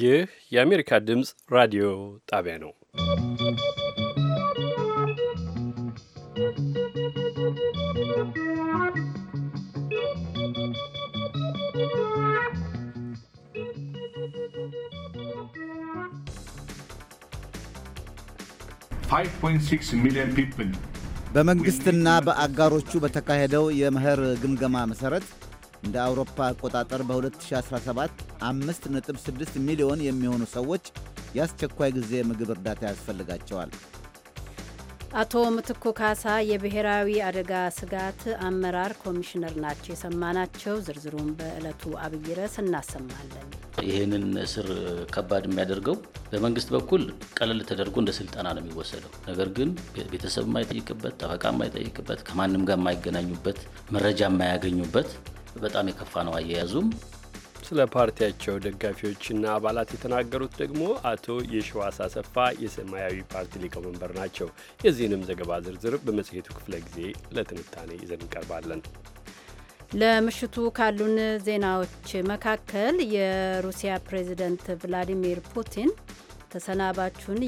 ይህ የአሜሪካ ድምፅ ራዲዮ ጣቢያ ነው። በመንግሥትና በአጋሮቹ በተካሄደው የመኸር ግምገማ መሠረት እንደ አውሮፓ አቆጣጠር በ2017 5.6 ሚሊዮን የሚሆኑ ሰዎች የአስቸኳይ ጊዜ ምግብ እርዳታ ያስፈልጋቸዋል። አቶ ምትኩ ካሳ የብሔራዊ አደጋ ስጋት አመራር ኮሚሽነር ናቸው የሰማናቸው። ዝርዝሩን በዕለቱ አብይ ርዕስ እናሰማለን። ይህንን እስር ከባድ የሚያደርገው በመንግስት በኩል ቀለል ተደርጎ እንደ ስልጠና ነው የሚወሰደው። ነገር ግን ቤተሰብ የማይጠይቅበት፣ ጠበቃ የማይጠይቅበት፣ ከማንም ጋር የማይገናኙበት፣ መረጃ የማያገኙበት በጣም የከፋ ነው አያያዙም። ስለ ፓርቲያቸው ደጋፊዎችና አባላት የተናገሩት ደግሞ አቶ የሸዋስ አሰፋ የሰማያዊ ፓርቲ ሊቀመንበር ናቸው። የዚህንም ዘገባ ዝርዝር በመጽሔቱ ክፍለ ጊዜ ለትንታኔ ይዘን እንቀርባለን። ለምሽቱ ካሉን ዜናዎች መካከል የሩሲያ ፕሬዚደንት ቭላዲሚር ፑቲን ተሰናባቹን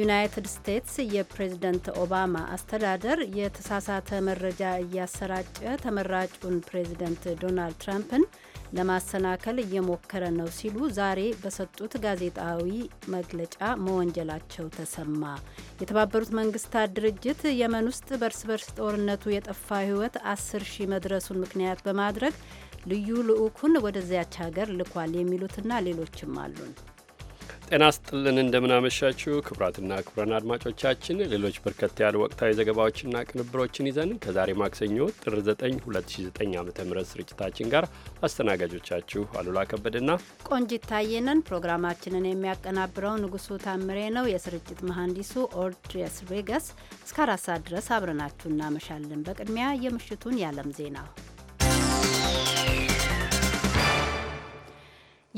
ዩናይትድ ስቴትስ የፕሬዝደንት ኦባማ አስተዳደር የተሳሳተ መረጃ እያሰራጨ ተመራጩን ፕሬዝደንት ዶናልድ ትራምፕን ለማሰናከል እየሞከረ ነው ሲሉ ዛሬ በሰጡት ጋዜጣዊ መግለጫ መወንጀላቸው ተሰማ። የተባበሩት መንግስታት ድርጅት የመን ውስጥ በርስ በርስ ጦርነቱ የጠፋ ሕይወት አስር ሺህ መድረሱን ምክንያት በማድረግ ልዩ ልዑኩን ወደዚያች ሀገር ልኳል የሚሉትና ሌሎችም አሉን። ጤና ስጥልን እንደምናመሻችሁ ክቡራትና ክቡራን አድማጮቻችን ሌሎች በርከት ያሉ ወቅታዊ ዘገባዎችና ቅንብሮችን ይዘን ከዛሬ ማክሰኞ ጥር 9 2009 ዓ ም ስርጭታችን ጋር አስተናጋጆቻችሁ አሉላ ከበድና ቆንጂት ታየነን። ፕሮግራማችንን የሚያቀናብረው ንጉሱ ታምሬ ነው። የስርጭት መሐንዲሱ ኦርድሬስ ሬገስ። እስከ አራት ሰዓት ድረስ አብረናችሁ እናመሻለን። በቅድሚያ የምሽቱን የዓለም ዜና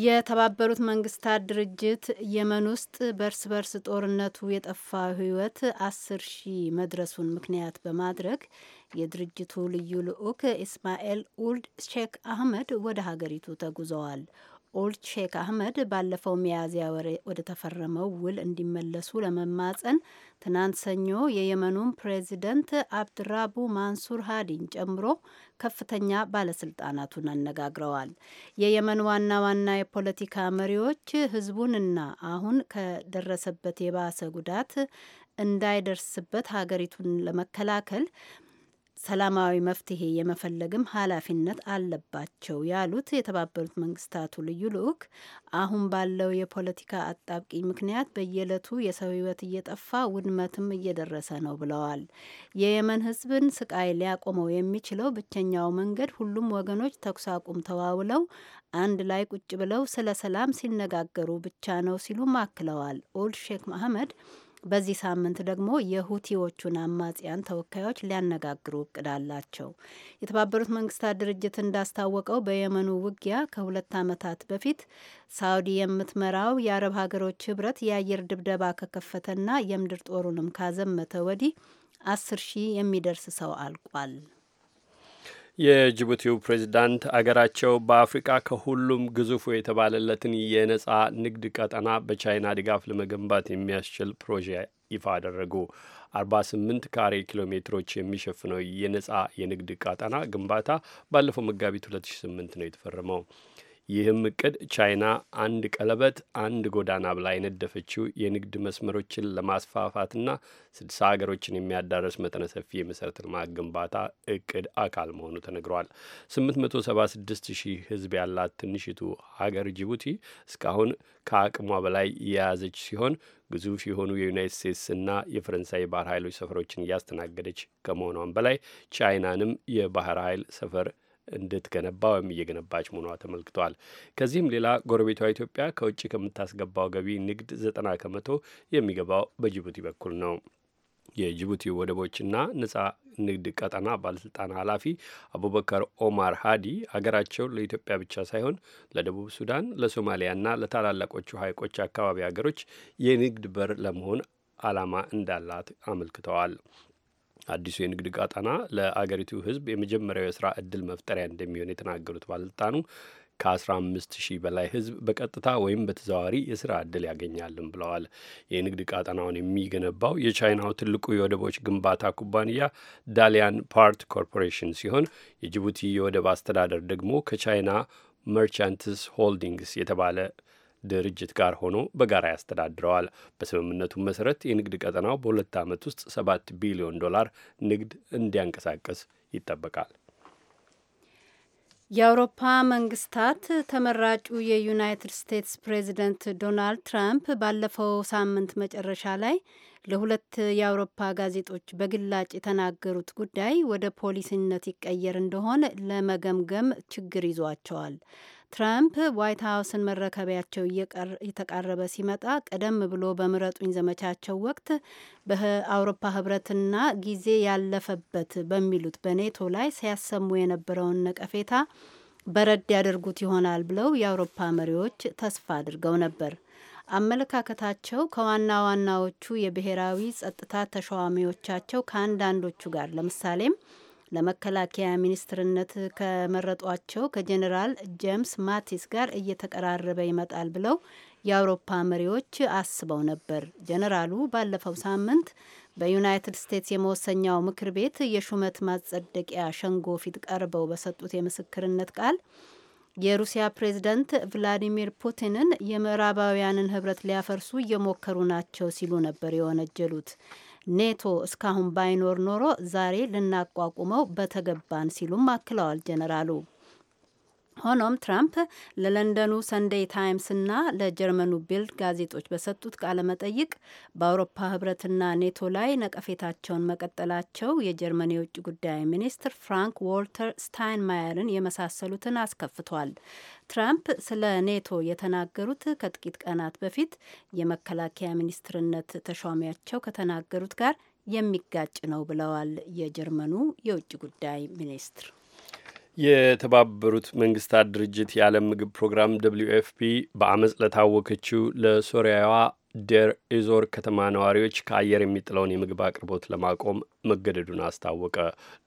የተባበሩት መንግስታት ድርጅት የመን ውስጥ በርስ በርስ ጦርነቱ የጠፋ ህይወት አስር ሺህ መድረሱን ምክንያት በማድረግ የድርጅቱ ልዩ ልዑክ ኢስማኤል ኡልድ ሼክ አህመድ ወደ ሀገሪቱ ተጉዘዋል። ኦልድ ሼክ አህመድ ባለፈው ሚያዝያ ወር ወደ ተፈረመው ውል እንዲመለሱ ለመማጸን ትናንት ሰኞ የየመኑን ፕሬዚደንት አብድራቡ ማንሱር ሃዲን ጨምሮ ከፍተኛ ባለስልጣናቱን አነጋግረዋል። የየመን ዋና ዋና የፖለቲካ መሪዎች ህዝቡንና አሁን ከደረሰበት የባሰ ጉዳት እንዳይደርስበት ሀገሪቱን ለመከላከል ሰላማዊ መፍትሄ የመፈለግም ኃላፊነት አለባቸው ያሉት የተባበሩት መንግስታቱ ልዩ ልዑክ አሁን ባለው የፖለቲካ አጣብቂኝ ምክንያት በየዕለቱ የሰው ሕይወት እየጠፋ ውድመትም እየደረሰ ነው ብለዋል። የየመን ሕዝብን ስቃይ ሊያቆመው የሚችለው ብቸኛው መንገድ ሁሉም ወገኖች ተኩስ አቁም ተዋውለው አንድ ላይ ቁጭ ብለው ስለ ሰላም ሲነጋገሩ ብቻ ነው ሲሉም አክለዋል። ኦልድ ሼክ መሐመድ በዚህ ሳምንት ደግሞ የሁቲዎቹን አማጽያን ተወካዮች ሊያነጋግሩ እቅድ አላቸው። የተባበሩት መንግስታት ድርጅት እንዳስታወቀው በየመኑ ውጊያ ከሁለት ዓመታት በፊት ሳውዲ የምትመራው የአረብ ሀገሮች ህብረት የአየር ድብደባ ከከፈተና የምድር ጦሩንም ካዘመተ ወዲህ አስር ሺህ የሚደርስ ሰው አልቋል። የጅቡቲው ፕሬዚዳንት አገራቸው በአፍሪቃ ከሁሉም ግዙፉ የተባለለትን የነጻ ንግድ ቀጠና በቻይና ድጋፍ ለመገንባት የሚያስችል ፕሮጀ ይፋ አደረጉ። 48 ካሬ ኪሎ ሜትሮች የሚሸፍነው የነጻ የንግድ ቀጠና ግንባታ ባለፈው መጋቢት 2008 ነው የተፈረመው። ይህም እቅድ ቻይና አንድ ቀለበት አንድ ጎዳና ብላ የነደፈችው የንግድ መስመሮችን ለማስፋፋትና ስድሳ ሀገሮችን የሚያዳረስ መጠነ ሰፊ የመሠረተ ልማት ግንባታ እቅድ አካል መሆኑ ተነግሯል። 876 ሺህ ህዝብ ያላት ትንሽቱ ሀገር ጅቡቲ እስካሁን ከአቅሟ በላይ የያዘች ሲሆን ግዙፍ የሆኑ የዩናይት ስቴትስና የፈረንሳይ የባህር ኃይሎች ሰፈሮችን እያስተናገደች ከመሆኗም በላይ ቻይናንም የባህር ኃይል ሰፈር እንድትገነባ ወይም እየገነባች መሆኗ ተመልክቷል። ከዚህም ሌላ ጎረቤቷ ኢትዮጵያ ከውጭ ከምታስገባው ገቢ ንግድ ዘጠና ከመቶ የሚገባው በጅቡቲ በኩል ነው። የጅቡቲ ወደቦችና ነጻ ንግድ ቀጠና ባለስልጣን ኃላፊ አቡበከር ኦማር ሃዲ አገራቸው ለኢትዮጵያ ብቻ ሳይሆን ለደቡብ ሱዳን፣ ለሶማሊያና ለታላላቆቹ ሀይቆች አካባቢ ሀገሮች የንግድ በር ለመሆን ዓላማ እንዳላት አመልክተዋል። አዲሱ የንግድ ቃጣና ለአገሪቱ ህዝብ የመጀመሪያው የስራ እድል መፍጠሪያ እንደሚሆን የተናገሩት ባለስልጣኑ ከ15 ሺህ በላይ ህዝብ በቀጥታ ወይም በተዘዋዋሪ የስራ እድል ያገኛልም ብለዋል። የንግድ ቃጠናውን የሚገነባው የቻይናው ትልቁ የወደቦች ግንባታ ኩባንያ ዳሊያን ፓርት ኮርፖሬሽን ሲሆን የጅቡቲ የወደብ አስተዳደር ደግሞ ከቻይና መርቻንትስ ሆልዲንግስ የተባለ ድርጅት ጋር ሆኖ በጋራ ያስተዳድረዋል። በስምምነቱ መሰረት የንግድ ቀጠናው በሁለት ዓመት ውስጥ ሰባት ቢሊዮን ዶላር ንግድ እንዲያንቀሳቀስ ይጠበቃል። የአውሮፓ መንግስታት ተመራጩ የዩናይትድ ስቴትስ ፕሬዚደንት ዶናልድ ትራምፕ ባለፈው ሳምንት መጨረሻ ላይ ለሁለት የአውሮፓ ጋዜጦች በግላጭ የተናገሩት ጉዳይ ወደ ፖሊሲነት ይቀየር እንደሆነ ለመገምገም ችግር ይዟቸዋል። ትራምፕ ዋይት ሀውስን መረከቢያቸው እየተቃረበ ሲመጣ ቀደም ብሎ በምረጡኝ ዘመቻቸው ወቅት በአውሮፓ ህብረትና ጊዜ ያለፈበት በሚሉት በኔቶ ላይ ሲያሰሙ የነበረውን ነቀፌታ በረድ ያደርጉት ይሆናል ብለው የአውሮፓ መሪዎች ተስፋ አድርገው ነበር። አመለካከታቸው ከዋና ዋናዎቹ የብሔራዊ ጸጥታ ተሿሚዎቻቸው ከአንዳንዶቹ ጋር ለምሳሌም ለመከላከያ ሚኒስትርነት ከመረጧቸው ከጀኔራል ጄምስ ማቲስ ጋር እየተቀራረበ ይመጣል ብለው የአውሮፓ መሪዎች አስበው ነበር። ጀነራሉ ባለፈው ሳምንት በዩናይትድ ስቴትስ የመወሰኛው ምክር ቤት የሹመት ማጸደቂያ ሸንጎ ፊት ቀርበው በሰጡት የምስክርነት ቃል የሩሲያ ፕሬዝደንት ቭላዲሚር ፑቲንን የምዕራባውያንን ህብረት ሊያፈርሱ እየሞከሩ ናቸው ሲሉ ነበር የወነጀሉት። ኔቶ እስካሁን ባይኖር ኖሮ ዛሬ ልናቋቁመው በተገባን ሲሉም አክለዋል ጀነራሉ። ሆኖም ትራምፕ ለለንደኑ ሰንዴይ ታይምስና ለጀርመኑ ቢልድ ጋዜጦች በሰጡት ቃለ መጠይቅ በአውሮፓ ህብረትና ኔቶ ላይ ነቀፌታቸውን መቀጠላቸው የጀርመን የውጭ ጉዳይ ሚኒስትር ፍራንክ ዎልተር ስታይንማየርን የመሳሰሉትን አስከፍቷል። ትራምፕ ስለ ኔቶ የተናገሩት ከጥቂት ቀናት በፊት የመከላከያ ሚኒስትርነት ተሿሚያቸው ከተናገሩት ጋር የሚጋጭ ነው ብለዋል የጀርመኑ የውጭ ጉዳይ ሚኒስትር። የተባበሩት መንግስታት ድርጅት የዓለም ምግብ ፕሮግራም ደብልዩ ኤፍፒ በአመፅ ለታወከችው ለሶሪያዋ ዴር ኢዞር ከተማ ነዋሪዎች ከአየር የሚጥለውን የምግብ አቅርቦት ለማቆም መገደዱን አስታወቀ።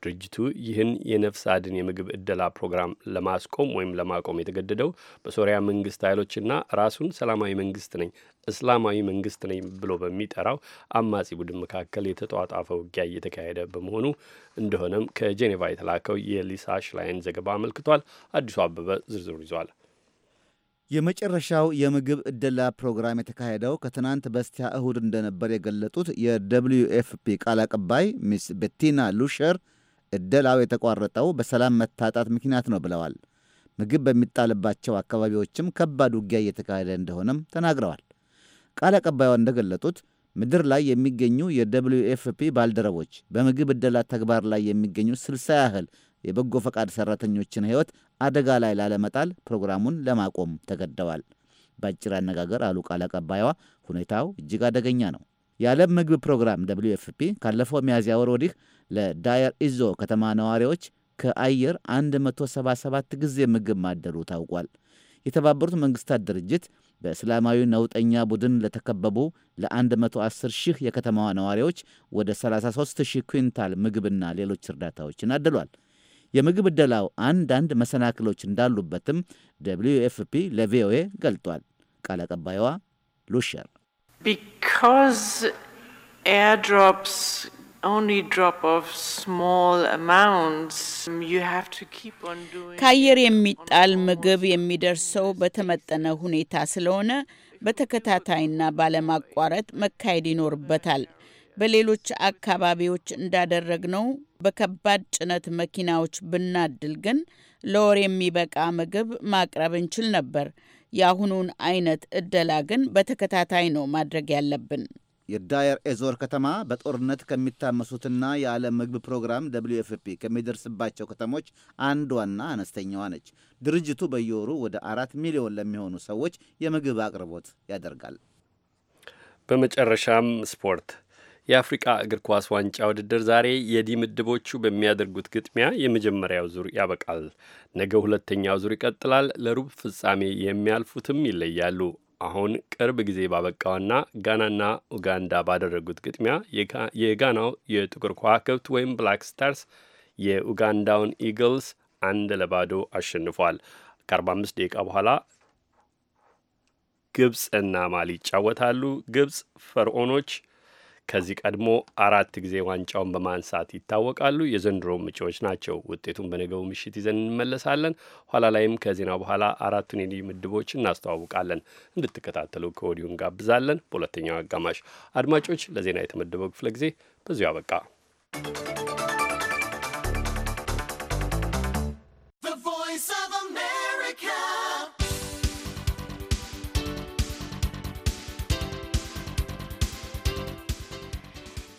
ድርጅቱ ይህን የነፍስ አድን የምግብ እደላ ፕሮግራም ለማስቆም ወይም ለማቆም የተገደደው በሶሪያ መንግስት ኃይሎችና ራሱን ሰላማዊ መንግስት ነኝ እስላማዊ መንግስት ነኝ ብሎ በሚጠራው አማጺ ቡድን መካከል የተጧጧፈ ውጊያ እየተካሄደ በመሆኑ እንደሆነም ከጄኔቫ የተላከው የሊሳ ሽላይን ዘገባ አመልክቷል። አዲሱ አበበ ዝርዝሩ ይዟል። የመጨረሻው የምግብ እደላ ፕሮግራም የተካሄደው ከትናንት በስቲያ እሁድ እንደነበር የገለጡት የደብልዩ ኤፍፒ ቃል አቀባይ ሚስ ቤቲና ሉሸር እደላው የተቋረጠው በሰላም መታጣት ምክንያት ነው ብለዋል። ምግብ በሚጣልባቸው አካባቢዎችም ከባድ ውጊያ እየተካሄደ እንደሆነም ተናግረዋል። ቃል አቀባዩ እንደገለጡት ምድር ላይ የሚገኙ የደብልዩ ኤፍፒ ባልደረቦች በምግብ እደላ ተግባር ላይ የሚገኙ ስልሳ ያህል የበጎ ፈቃድ ሠራተኞችን ሕይወት አደጋ ላይ ላለመጣል ፕሮግራሙን ለማቆም ተገደዋል። በአጭር አነጋገር አሉ ቃል አቀባይዋ፣ ሁኔታው እጅግ አደገኛ ነው። የዓለም ምግብ ፕሮግራም ደብሊው ኤፍፒ ካለፈው ሚያዝያ ወር ወዲህ ለዳየር ኢዞ ከተማ ነዋሪዎች ከአየር 177 ጊዜ ምግብ ማደሉ ታውቋል። የተባበሩት መንግስታት ድርጅት በእስላማዊ ነውጠኛ ቡድን ለተከበቡ ለ110 ሺህ የከተማዋ ነዋሪዎች ወደ 33 ሺህ ኩንታል ምግብና ሌሎች እርዳታዎችን አድሏል። የምግብ እደላው አንዳንድ መሰናክሎች እንዳሉበትም ደብልዩ ኤፍፒ ለቪኦኤ ገልጧል። ቃል አቀባይዋ ሉሸር ከአየር የሚጣል ምግብ የሚደርሰው በተመጠነ ሁኔታ ስለሆነ በተከታታይና ባለማቋረጥ መካሄድ ይኖርበታል። በሌሎች አካባቢዎች እንዳደረግነው በከባድ ጭነት መኪናዎች ብናድል ግን ለወር የሚበቃ ምግብ ማቅረብ እንችል ነበር። የአሁኑን አይነት እደላ ግን በተከታታይ ነው ማድረግ ያለብን። የዳየር ኤዞር ከተማ በጦርነት ከሚታመሱትና የዓለም ምግብ ፕሮግራም ደብልዩ ኤፍ ፒ ከሚደርስባቸው ከተሞች አንዷና አነስተኛዋ ነች። ድርጅቱ በየወሩ ወደ አራት ሚሊዮን ለሚሆኑ ሰዎች የምግብ አቅርቦት ያደርጋል። በመጨረሻም ስፖርት የአፍሪቃ እግር ኳስ ዋንጫ ውድድር ዛሬ የዲ ምድቦቹ በሚያደርጉት ግጥሚያ የመጀመሪያው ዙር ያበቃል። ነገ ሁለተኛው ዙር ይቀጥላል። ለሩብ ፍጻሜ የሚያልፉትም ይለያሉ። አሁን ቅርብ ጊዜ ባበቃውና ጋናና ኡጋንዳ ባደረጉት ግጥሚያ የጋናው የጥቁር ከዋክብት ወይም ብላክ ስታርስ የኡጋንዳውን ኢግልስ አንድ ለባዶ አሸንፏል። ከ45 ደቂቃ በኋላ ግብፅና ማሊ ይጫወታሉ። ግብፅ ፈርዖኖች ከዚህ ቀድሞ አራት ጊዜ ዋንጫውን በማንሳት ይታወቃሉ። የዘንድሮ ምጪዎች ናቸው። ውጤቱን በነገው ምሽት ይዘን እንመለሳለን። ኋላ ላይም ከዜና በኋላ አራቱን የልዩ ምድቦች እናስተዋውቃለን። እንድትከታተሉ ከወዲሁ እንጋብዛለን። በሁለተኛው አጋማሽ አድማጮች፣ ለዜና የተመደበው ክፍለ ጊዜ በዚሁ አበቃ።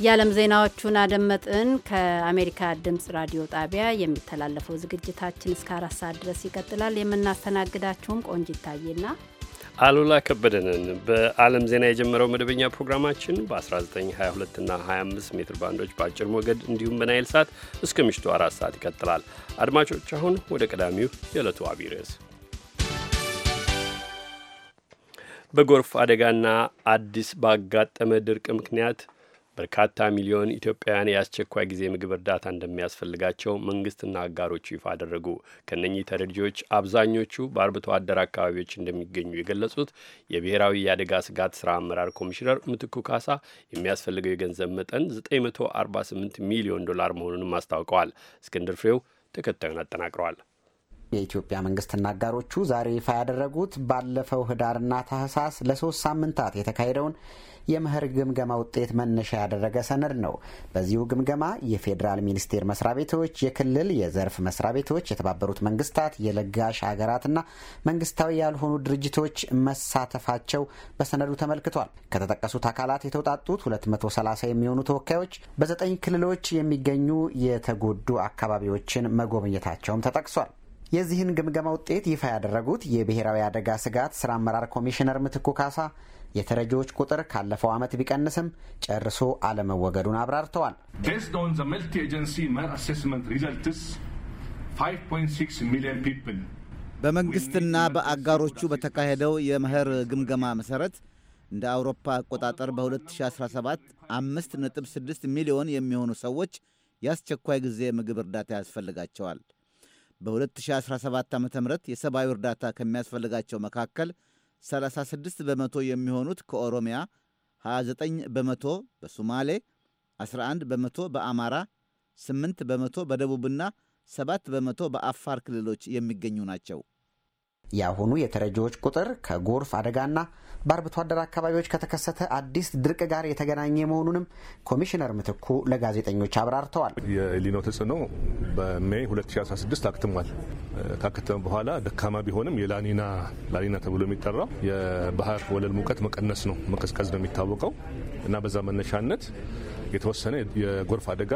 የዓለም ዜናዎቹን አደመጥን። ከአሜሪካ ድምፅ ራዲዮ ጣቢያ የሚተላለፈው ዝግጅታችን እስከ አራት ሰዓት ድረስ ይቀጥላል። የምናስተናግዳችሁም ቆንጅ ይታየና አሉላ ከበደንን። በዓለም ዜና የጀመረው መደበኛ ፕሮግራማችን በ1922 እና 25 ሜትር ባንዶች በአጭር ሞገድ እንዲሁም በናይል ሳት እስከ ምሽቱ አራት ሰዓት ይቀጥላል። አድማጮች አሁን ወደ ቀዳሚው የዕለቱ አብይ ርዕስ በጎርፍ አደጋና አዲስ ባጋጠመ ድርቅ ምክንያት በርካታ ሚሊዮን ኢትዮጵያውያን የአስቸኳይ ጊዜ ምግብ እርዳታ እንደሚያስፈልጋቸው መንግስትና አጋሮቹ ይፋ አደረጉ። ከነኚህ ተረጂዎች አብዛኞቹ በአርብቶ አደር አካባቢዎች እንደሚገኙ የገለጹት የብሔራዊ የአደጋ ስጋት ስራ አመራር ኮሚሽነር ምትኩ ካሳ የሚያስፈልገው የገንዘብ መጠን 948 ሚሊዮን ዶላር መሆኑንም አስታውቀዋል። እስክንድር ፍሬው ተከታዩን አጠናቅረዋል። የኢትዮጵያ መንግስትና አጋሮቹ ዛሬ ይፋ ያደረጉት ባለፈው ህዳርና ታህሳስ ለሶስት ሳምንታት የተካሄደውን የምህር ግምገማ ውጤት መነሻ ያደረገ ሰነድ ነው። በዚሁ ግምገማ የፌዴራል ሚኒስቴር መስሪያ ቤቶች፣ የክልል የዘርፍ መስሪያ ቤቶች፣ የተባበሩት መንግስታት፣ የለጋሽ ሀገራትና መንግስታዊ ያልሆኑ ድርጅቶች መሳተፋቸው በሰነዱ ተመልክቷል። ከተጠቀሱት አካላት የተውጣጡት 230 የሚሆኑ ተወካዮች በዘጠኝ ክልሎች የሚገኙ የተጎዱ አካባቢዎችን መጎብኘታቸውም ተጠቅሷል። የዚህን ግምገማ ውጤት ይፋ ያደረጉት የብሔራዊ አደጋ ስጋት ስራ አመራር ኮሚሽነር ምትኩ ካሳ የተረጂዎች ቁጥር ካለፈው ዓመት ቢቀንስም ጨርሶ አለመወገዱን አብራርተዋል። በመንግሥትና በአጋሮቹ በተካሄደው የመኸር ግምገማ መሠረት እንደ አውሮፓ አቆጣጠር በ2017 5.6 ሚሊዮን የሚሆኑ ሰዎች የአስቸኳይ ጊዜ ምግብ እርዳታ ያስፈልጋቸዋል። በ2017 ዓ ም የሰብአዊ እርዳታ ከሚያስፈልጋቸው መካከል 36 በመቶ የሚሆኑት ከኦሮሚያ፣ 29 በመቶ በሶማሌ፣ 11 በመቶ በአማራ፣ 8 በመቶ በደቡብና 7 በመቶ በአፋር ክልሎች የሚገኙ ናቸው። የአሁኑ የተረጂዎች ቁጥር ከጎርፍ አደጋና በአርብቶ አደር አካባቢዎች ከተከሰተ አዲስ ድርቅ ጋር የተገናኘ መሆኑንም ኮሚሽነር ምትኩ ለጋዜጠኞች አብራርተዋል። የኤልኒኖ ተጽዕኖ በሜይ 2016 አክትሟል። ካከተመ በኋላ ደካማ ቢሆንም የላኒና ላኒና ተብሎ የሚጠራው የባህር ወለል ሙቀት መቀነስ ነው መቀዝቀዝ ነው የሚታወቀው እና በዛ መነሻነት የተወሰነ የጎርፍ አደጋ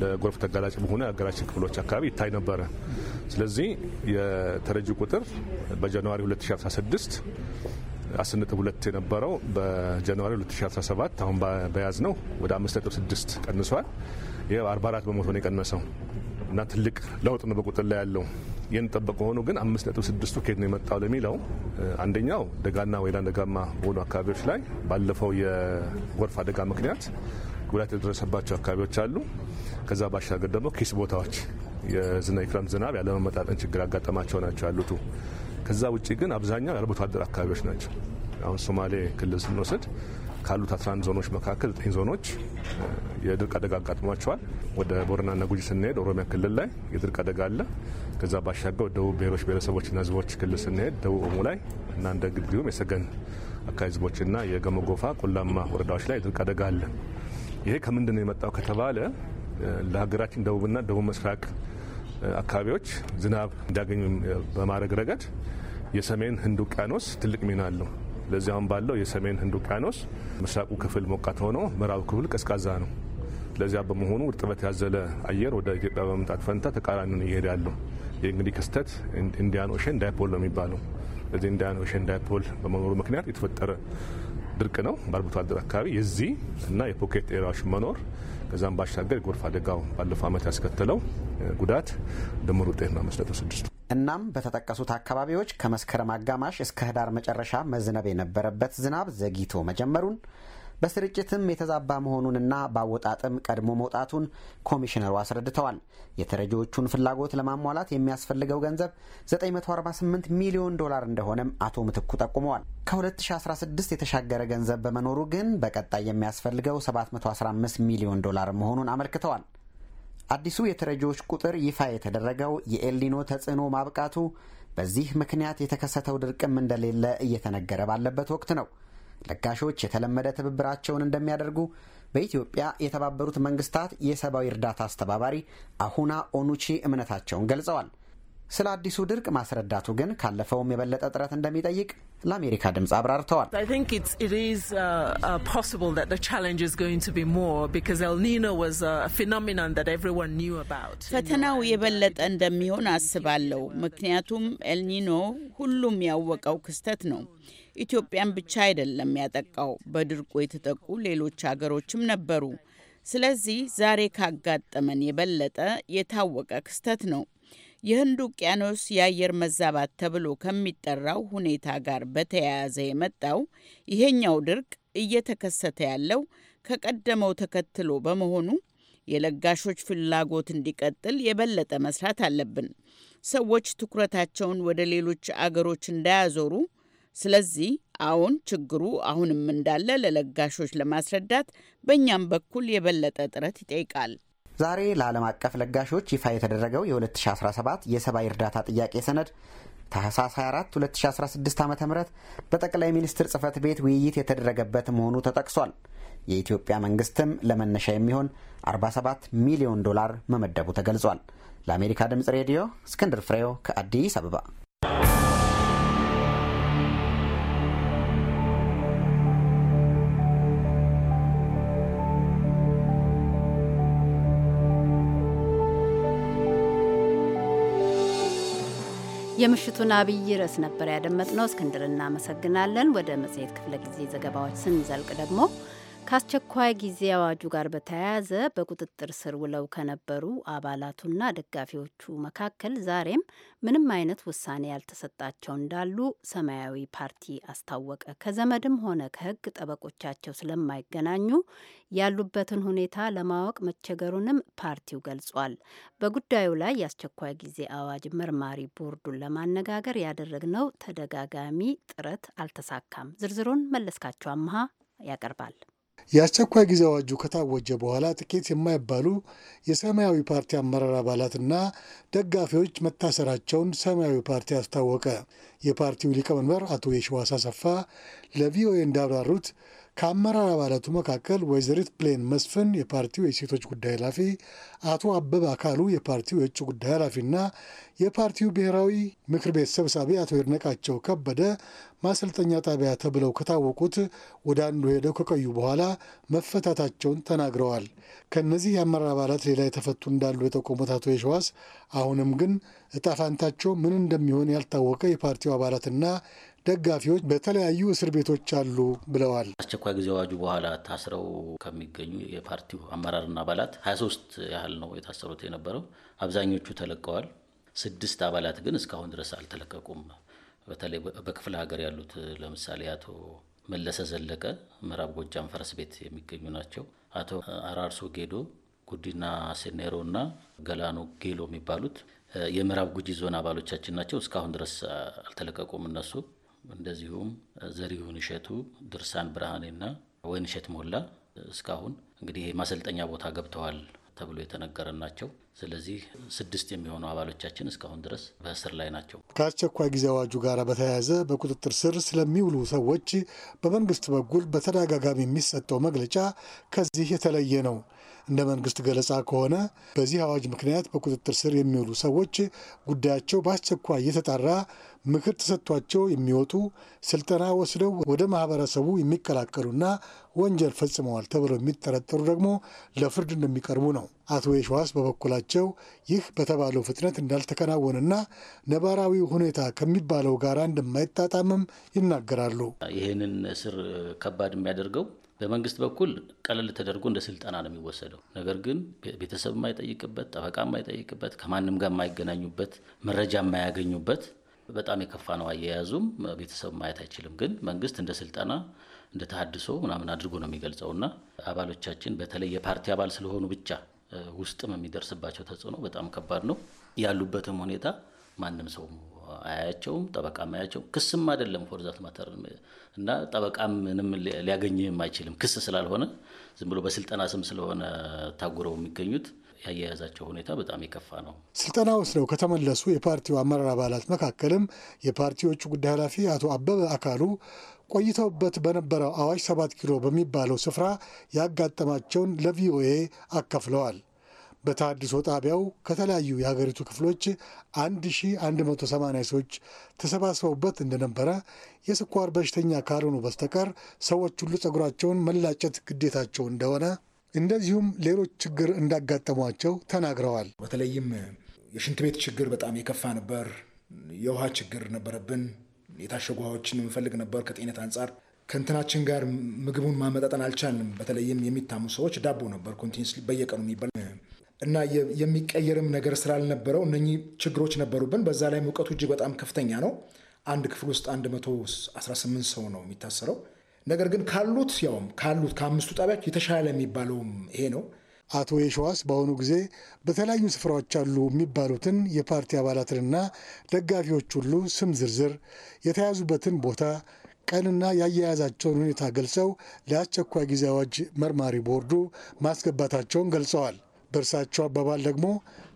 ለጎርፍ ተጋላጭ በሆነ የሀገራችን ክፍሎች አካባቢ ይታይ ነበረ። ስለዚህ የተረጂ ቁጥር በጃንዋሪ 2016 አስር ነጥብ ሁለት የነበረው በጃንዋሪ 2017 አሁን በያዝ ነው ወደ አምስት ነጥብ ስድስት ቀንሷል። ይህ 44 በመቶ ነው የቀነሰው እና ትልቅ ለውጥ ነው በቁጥር ላይ ያለው። የንጠበቀ ሆኖ ግን አምስት ነጥብ ስድስቱ ከየት ነው የመጣው ለሚለው አንደኛው ደጋና ወይላ ደጋማ በሆኑ አካባቢዎች ላይ ባለፈው የጎርፍ አደጋ ምክንያት ጉዳት የደረሰባቸው አካባቢዎች አሉ። ከዛ ባሻገር ደግሞ ኪስ ቦታዎች የዝና የክረምት ዝናብ ያለመመጣጠን ችግር አጋጠማቸው ናቸው ያሉቱ። ከዛ ውጭ ግን አብዛኛው የአርብቶ አደር አካባቢዎች ናቸው። አሁን ሶማሌ ክልል ስንወስድ ካሉት 11 ዞኖች መካከል 9 ዞኖች የድርቅ አደጋ አጋጥሟቸዋል። ወደ ቦረናና ጉጂ ስንሄድ ኦሮሚያ ክልል ላይ የድርቅ አደጋ አለ። ከዛ ባሻገው ደቡብ ብሔሮች ብሔረሰቦችና ህዝቦች ክልል ስንሄድ ደቡብ ኦሞ ላይ እና እንደ ግዲሁም የሰገን አካባቢ ህዝቦችና የገመጎፋ ቆላማ ወረዳዎች ላይ ድርቅ አደጋ አለ። ይሄ ከምንድን ነው የመጣው ከተባለ ለሀገራችን ደቡብና ደቡብ ምስራቅ አካባቢዎች ዝናብ እንዲያገኙ በማድረግ ረገድ የሰሜን ህንድ ውቅያኖስ ትልቅ ሚና አለው። ለዚህ አሁን ባለው የሰሜን ህንድ ውቅያኖስ ምስራቁ ክፍል ሞቃት ሆኖ ምዕራቡ ክፍል ቀዝቃዛ ነው። ለዚያ በመሆኑ እርጥበት ያዘለ አየር ወደ ኢትዮጵያ በመምጣት ፈንታ ተቃራኒን እየሄደ ያለው የእንግዲህ ክስተት ኢንዲያን ኦሽን ዳይፖል ነው የሚባለው። እዚህ ኢንዲያን ኦሽን ዳይፖል በመኖሩ ምክንያት የተፈጠረ ድርቅ ነው በአርብቶ አደር አካባቢ የዚህ እና የፖኬት ኤሪያዎች መኖር ከዛም ባሻገር የጎርፍ አደጋው ባለፈው ዓመት ያስከተለው ጉዳት ድምር ውጤት ነው አምስት ስድስቱ። እናም በተጠቀሱት አካባቢዎች ከመስከረም አጋማሽ እስከ ህዳር መጨረሻ መዝነብ የነበረበት ዝናብ ዘግይቶ መጀመሩን በስርጭትም የተዛባ መሆኑንና በአወጣጥም ቀድሞ መውጣቱን ኮሚሽነሩ አስረድተዋል። የተረጂዎቹን ፍላጎት ለማሟላት የሚያስፈልገው ገንዘብ 948 ሚሊዮን ዶላር እንደሆነም አቶ ምትኩ ጠቁመዋል። ከ2016 የተሻገረ ገንዘብ በመኖሩ ግን በቀጣይ የሚያስፈልገው 715 ሚሊዮን ዶላር መሆኑን አመልክተዋል። አዲሱ የተረጂዎች ቁጥር ይፋ የተደረገው የኤልኒኖ ተጽዕኖ ማብቃቱ በዚህ ምክንያት የተከሰተው ድርቅም እንደሌለ እየተነገረ ባለበት ወቅት ነው። ለጋሾች የተለመደ ትብብራቸውን እንደሚያደርጉ በኢትዮጵያ የተባበሩት መንግስታት የሰብአዊ እርዳታ አስተባባሪ አሁና ኦኑቺ እምነታቸውን ገልጸዋል። ስለ አዲሱ ድርቅ ማስረዳቱ ግን ካለፈውም የበለጠ ጥረት እንደሚጠይቅ ለአሜሪካ ድምፅ አብራርተዋል። uh, uh, ፈተናው የበለጠ እንደሚሆን አስባለሁ። ምክንያቱም ኤልኒኖ ሁሉም ያወቀው ክስተት ነው። ኢትዮጵያን ብቻ አይደለም ያጠቃው፣ በድርቁ የተጠቁ ሌሎች አገሮችም ነበሩ። ስለዚህ ዛሬ ካጋጠመን የበለጠ የታወቀ ክስተት ነው። የህንድ ውቅያኖስ የአየር መዛባት ተብሎ ከሚጠራው ሁኔታ ጋር በተያያዘ የመጣው ይሄኛው ድርቅ እየተከሰተ ያለው ከቀደመው ተከትሎ በመሆኑ የለጋሾች ፍላጎት እንዲቀጥል የበለጠ መስራት አለብን። ሰዎች ትኩረታቸውን ወደ ሌሎች አገሮች እንዳያዞሩ ስለዚህ አዎን ችግሩ አሁንም እንዳለ ለለጋሾች ለማስረዳት በእኛም በኩል የበለጠ ጥረት ይጠይቃል። ዛሬ ለዓለም አቀፍ ለጋሾች ይፋ የተደረገው የ2017 የሰብአዊ እርዳታ ጥያቄ ሰነድ ታህሳስ 24 2016 ዓ ም በጠቅላይ ሚኒስትር ጽህፈት ቤት ውይይት የተደረገበት መሆኑ ተጠቅሷል። የኢትዮጵያ መንግስትም ለመነሻ የሚሆን 47 ሚሊዮን ዶላር መመደቡ ተገልጿል። ለአሜሪካ ድምፅ ሬዲዮ እስክንድር ፍሬው ከአዲስ አበባ የምሽቱን አብይ ርዕስ ነበር ያደመጥነው። እስክንድር እናመሰግናለን። ወደ መጽሔት ክፍለ ጊዜ ዘገባዎች ስንዘልቅ ደግሞ ከአስቸኳይ ጊዜ አዋጁ ጋር በተያያዘ በቁጥጥር ስር ውለው ከነበሩ አባላቱና ደጋፊዎቹ መካከል ዛሬም ምንም አይነት ውሳኔ ያልተሰጣቸው እንዳሉ ሰማያዊ ፓርቲ አስታወቀ። ከዘመድም ሆነ ከሕግ ጠበቆቻቸው ስለማይገናኙ ያሉበትን ሁኔታ ለማወቅ መቸገሩንም ፓርቲው ገልጿል። በጉዳዩ ላይ የአስቸኳይ ጊዜ አዋጅ መርማሪ ቦርዱን ለማነጋገር ያደረግነው ተደጋጋሚ ጥረት አልተሳካም። ዝርዝሩን መለስካቸው አምሃ ያቀርባል። የአስቸኳይ ጊዜ አዋጁ ከታወጀ በኋላ ጥቂት የማይባሉ የሰማያዊ ፓርቲ አመራር አባላትና ደጋፊዎች መታሰራቸውን ሰማያዊ ፓርቲ አስታወቀ። የፓርቲው ሊቀመንበር አቶ የሸዋስ አሰፋ ለቪኦኤ እንዳብራሩት ከአመራር አባላቱ መካከል ወይዘሪት ፕሌን መስፍን የፓርቲው የሴቶች ጉዳይ ኃላፊ፣ አቶ አበበ አካሉ የፓርቲው የውጭ ጉዳይ ኃላፊና የፓርቲው ብሔራዊ ምክር ቤት ሰብሳቢ አቶ ይድነቃቸው ከበደ ማሰልጠኛ ጣቢያ ተብለው ከታወቁት ወደ አንዱ ሄደው ከቆዩ በኋላ መፈታታቸውን ተናግረዋል። ከእነዚህ የአመራር አባላት ሌላ የተፈቱ እንዳሉ የጠቆሙት አቶ የሸዋስ አሁንም ግን እጣፋንታቸው ምን እንደሚሆን ያልታወቀ የፓርቲው አባላትና ደጋፊዎች በተለያዩ እስር ቤቶች አሉ ብለዋል። አስቸኳይ ጊዜ አዋጁ በኋላ ታስረው ከሚገኙ የፓርቲው አመራርና አባላት 23 ያህል ነው የታሰሩት የነበረው። አብዛኞቹ ተለቀዋል። ስድስት አባላት ግን እስካሁን ድረስ አልተለቀቁም። በተለይ በክፍለ ሀገር ያሉት ለምሳሌ አቶ መለሰ ዘለቀ ምዕራብ ጎጃም ፈረስ ቤት የሚገኙ ናቸው። አቶ አራርሶ ጌዶ፣ ጉዲና ሴኔሮ እና ገላኖ ጌሎ የሚባሉት የምዕራብ ጉጂ ዞን አባሎቻችን ናቸው። እስካሁን ድረስ አልተለቀቁም እነሱ እንደዚሁም ዘሪሁን እሸቱ፣ ድርሳን ብርሃኔና እሸት ሞላ እስካሁን እንግዲህ ማሰልጠኛ ቦታ ገብተዋል ተብሎ የተነገረ ናቸው። ስለዚህ ስድስት የሚሆኑ አባሎቻችን እስካሁን ድረስ በእስር ላይ ናቸው። ከአስቸኳይ ጊዜ አዋጁ ጋር በተያያዘ በቁጥጥር ስር ስለሚውሉ ሰዎች በመንግስት በኩል በተደጋጋሚ የሚሰጠው መግለጫ ከዚህ የተለየ ነው። እንደ መንግስት ገለጻ ከሆነ በዚህ አዋጅ ምክንያት በቁጥጥር ስር የሚውሉ ሰዎች ጉዳያቸው በአስቸኳይ እየተጣራ ምክር ተሰጥቷቸው የሚወጡ ስልጠና ወስደው ወደ ማህበረሰቡ የሚቀላቀሉና ወንጀል ፈጽመዋል ተብለው የሚጠረጠሩ ደግሞ ለፍርድ እንደሚቀርቡ ነው። አቶ የሸዋስ በበኩላቸው ይህ በተባለው ፍጥነት እንዳልተከናወነና ነባራዊ ሁኔታ ከሚባለው ጋር እንደማይጣጣምም ይናገራሉ። ይህንን እስር ከባድ የሚያደርገው በመንግስት በኩል ቀለል ተደርጎ እንደ ስልጠና ነው የሚወሰደው። ነገር ግን ቤተሰብ የማይጠይቅበት፣ ጠበቃ የማይጠይቅበት፣ ከማንም ጋር የማይገናኙበት፣ መረጃ የማያገኙበት በጣም የከፋ ነው። አያያዙም ቤተሰብ ማየት አይችልም። ግን መንግስት እንደ ስልጠና እንደ ተሀድሶ ምናምን አድርጎ ነው የሚገልጸው እና አባሎቻችን በተለይ የፓርቲ አባል ስለሆኑ ብቻ ውስጥም የሚደርስባቸው ተጽዕኖ በጣም ከባድ ነው። ያሉበትም ሁኔታ ማንም ሰው አያቸውም፣ ጠበቃ አያያቸውም። ክስም አይደለም ፎርዛት ማተር እና ጠበቃም ምንም ሊያገኝህም አይችልም። ክስ ስላልሆነ ዝም ብሎ በስልጠና ስም ስለሆነ ታጉረው የሚገኙት ያያያዛቸው ሁኔታ በጣም የከፋ ነው። ስልጠና ወስደው ከተመለሱ የፓርቲው አመራር አባላት መካከልም የፓርቲዎቹ ጉዳይ ኃላፊ አቶ አበበ አካሉ ቆይተውበት በነበረው አዋሽ ሰባት ኪሎ በሚባለው ስፍራ ያጋጠማቸውን ለቪኦኤ አካፍለዋል። በታድሶ ጣቢያው ከተለያዩ የሀገሪቱ ክፍሎች 1180 ሰዎች ተሰባስበውበት እንደነበረ የስኳር በሽተኛ ካልሆኑ በስተቀር ሰዎች ሁሉ ጸጉራቸውን መላጨት ግዴታቸው እንደሆነ እንደዚሁም ሌሎች ችግር እንዳጋጠሟቸው ተናግረዋል። በተለይም የሽንት ቤት ችግር በጣም የከፋ ነበር። የውሃ ችግር ነበረብን። የታሸጉ ውሃዎችን የምንፈልግ ነበር። ከጤነት አንጻር ከእንትናችን ጋር ምግቡን ማመጣጠን አልቻልንም። በተለይም የሚታሙ ሰዎች ዳቦ ነበር ኮንቲኒስ በየቀኑ የሚበላ እና የሚቀየርም ነገር ስላልነበረው እነኚህ ችግሮች ነበሩብን። በዛ ላይ ሙቀቱ እጅግ በጣም ከፍተኛ ነው። አንድ ክፍል ውስጥ 118 ሰው ነው የሚታሰረው። ነገር ግን ካሉት ያውም ካሉት ከአምስቱ ጣቢያዎች የተሻለ የሚባለውም ይሄ ነው። አቶ የሸዋስ በአሁኑ ጊዜ በተለያዩ ስፍራዎች አሉ የሚባሉትን የፓርቲ አባላትንና ደጋፊዎች ሁሉ ስም ዝርዝር፣ የተያዙበትን ቦታ ቀንና የአያያዛቸውን ሁኔታ ገልጸው ለአስቸኳይ ጊዜ አዋጅ መርማሪ ቦርዱ ማስገባታቸውን ገልጸዋል። በእርሳቸው አባባል ደግሞ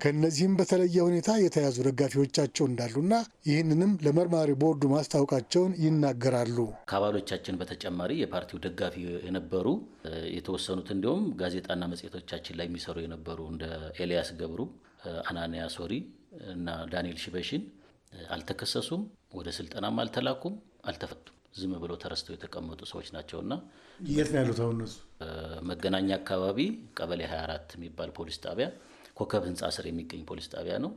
ከእነዚህም በተለየ ሁኔታ የተያዙ ደጋፊዎቻቸው እንዳሉና ይህንንም ለመርማሪ ቦርዱ ማስታወቃቸውን ይናገራሉ። ከአባሎቻችን በተጨማሪ የፓርቲው ደጋፊ የነበሩ የተወሰኑት እንዲሁም ጋዜጣና መጽሔቶቻችን ላይ የሚሰሩ የነበሩ እንደ ኤልያስ ገብሩ፣ አናንያ ሶሪ እና ዳንኤል ሽበሽን አልተከሰሱም። ወደ ስልጠናም አልተላኩም፣ አልተፈቱም። ዝም ብለው ተረስተው የተቀመጡ ሰዎች ናቸው እና የት ነው ያሉት? አሁን እነሱ መገናኛ አካባቢ ቀበሌ 24 የሚባል ፖሊስ ጣቢያ ኮከብ ህንፃ ስር የሚገኝ ፖሊስ ጣቢያ ነው።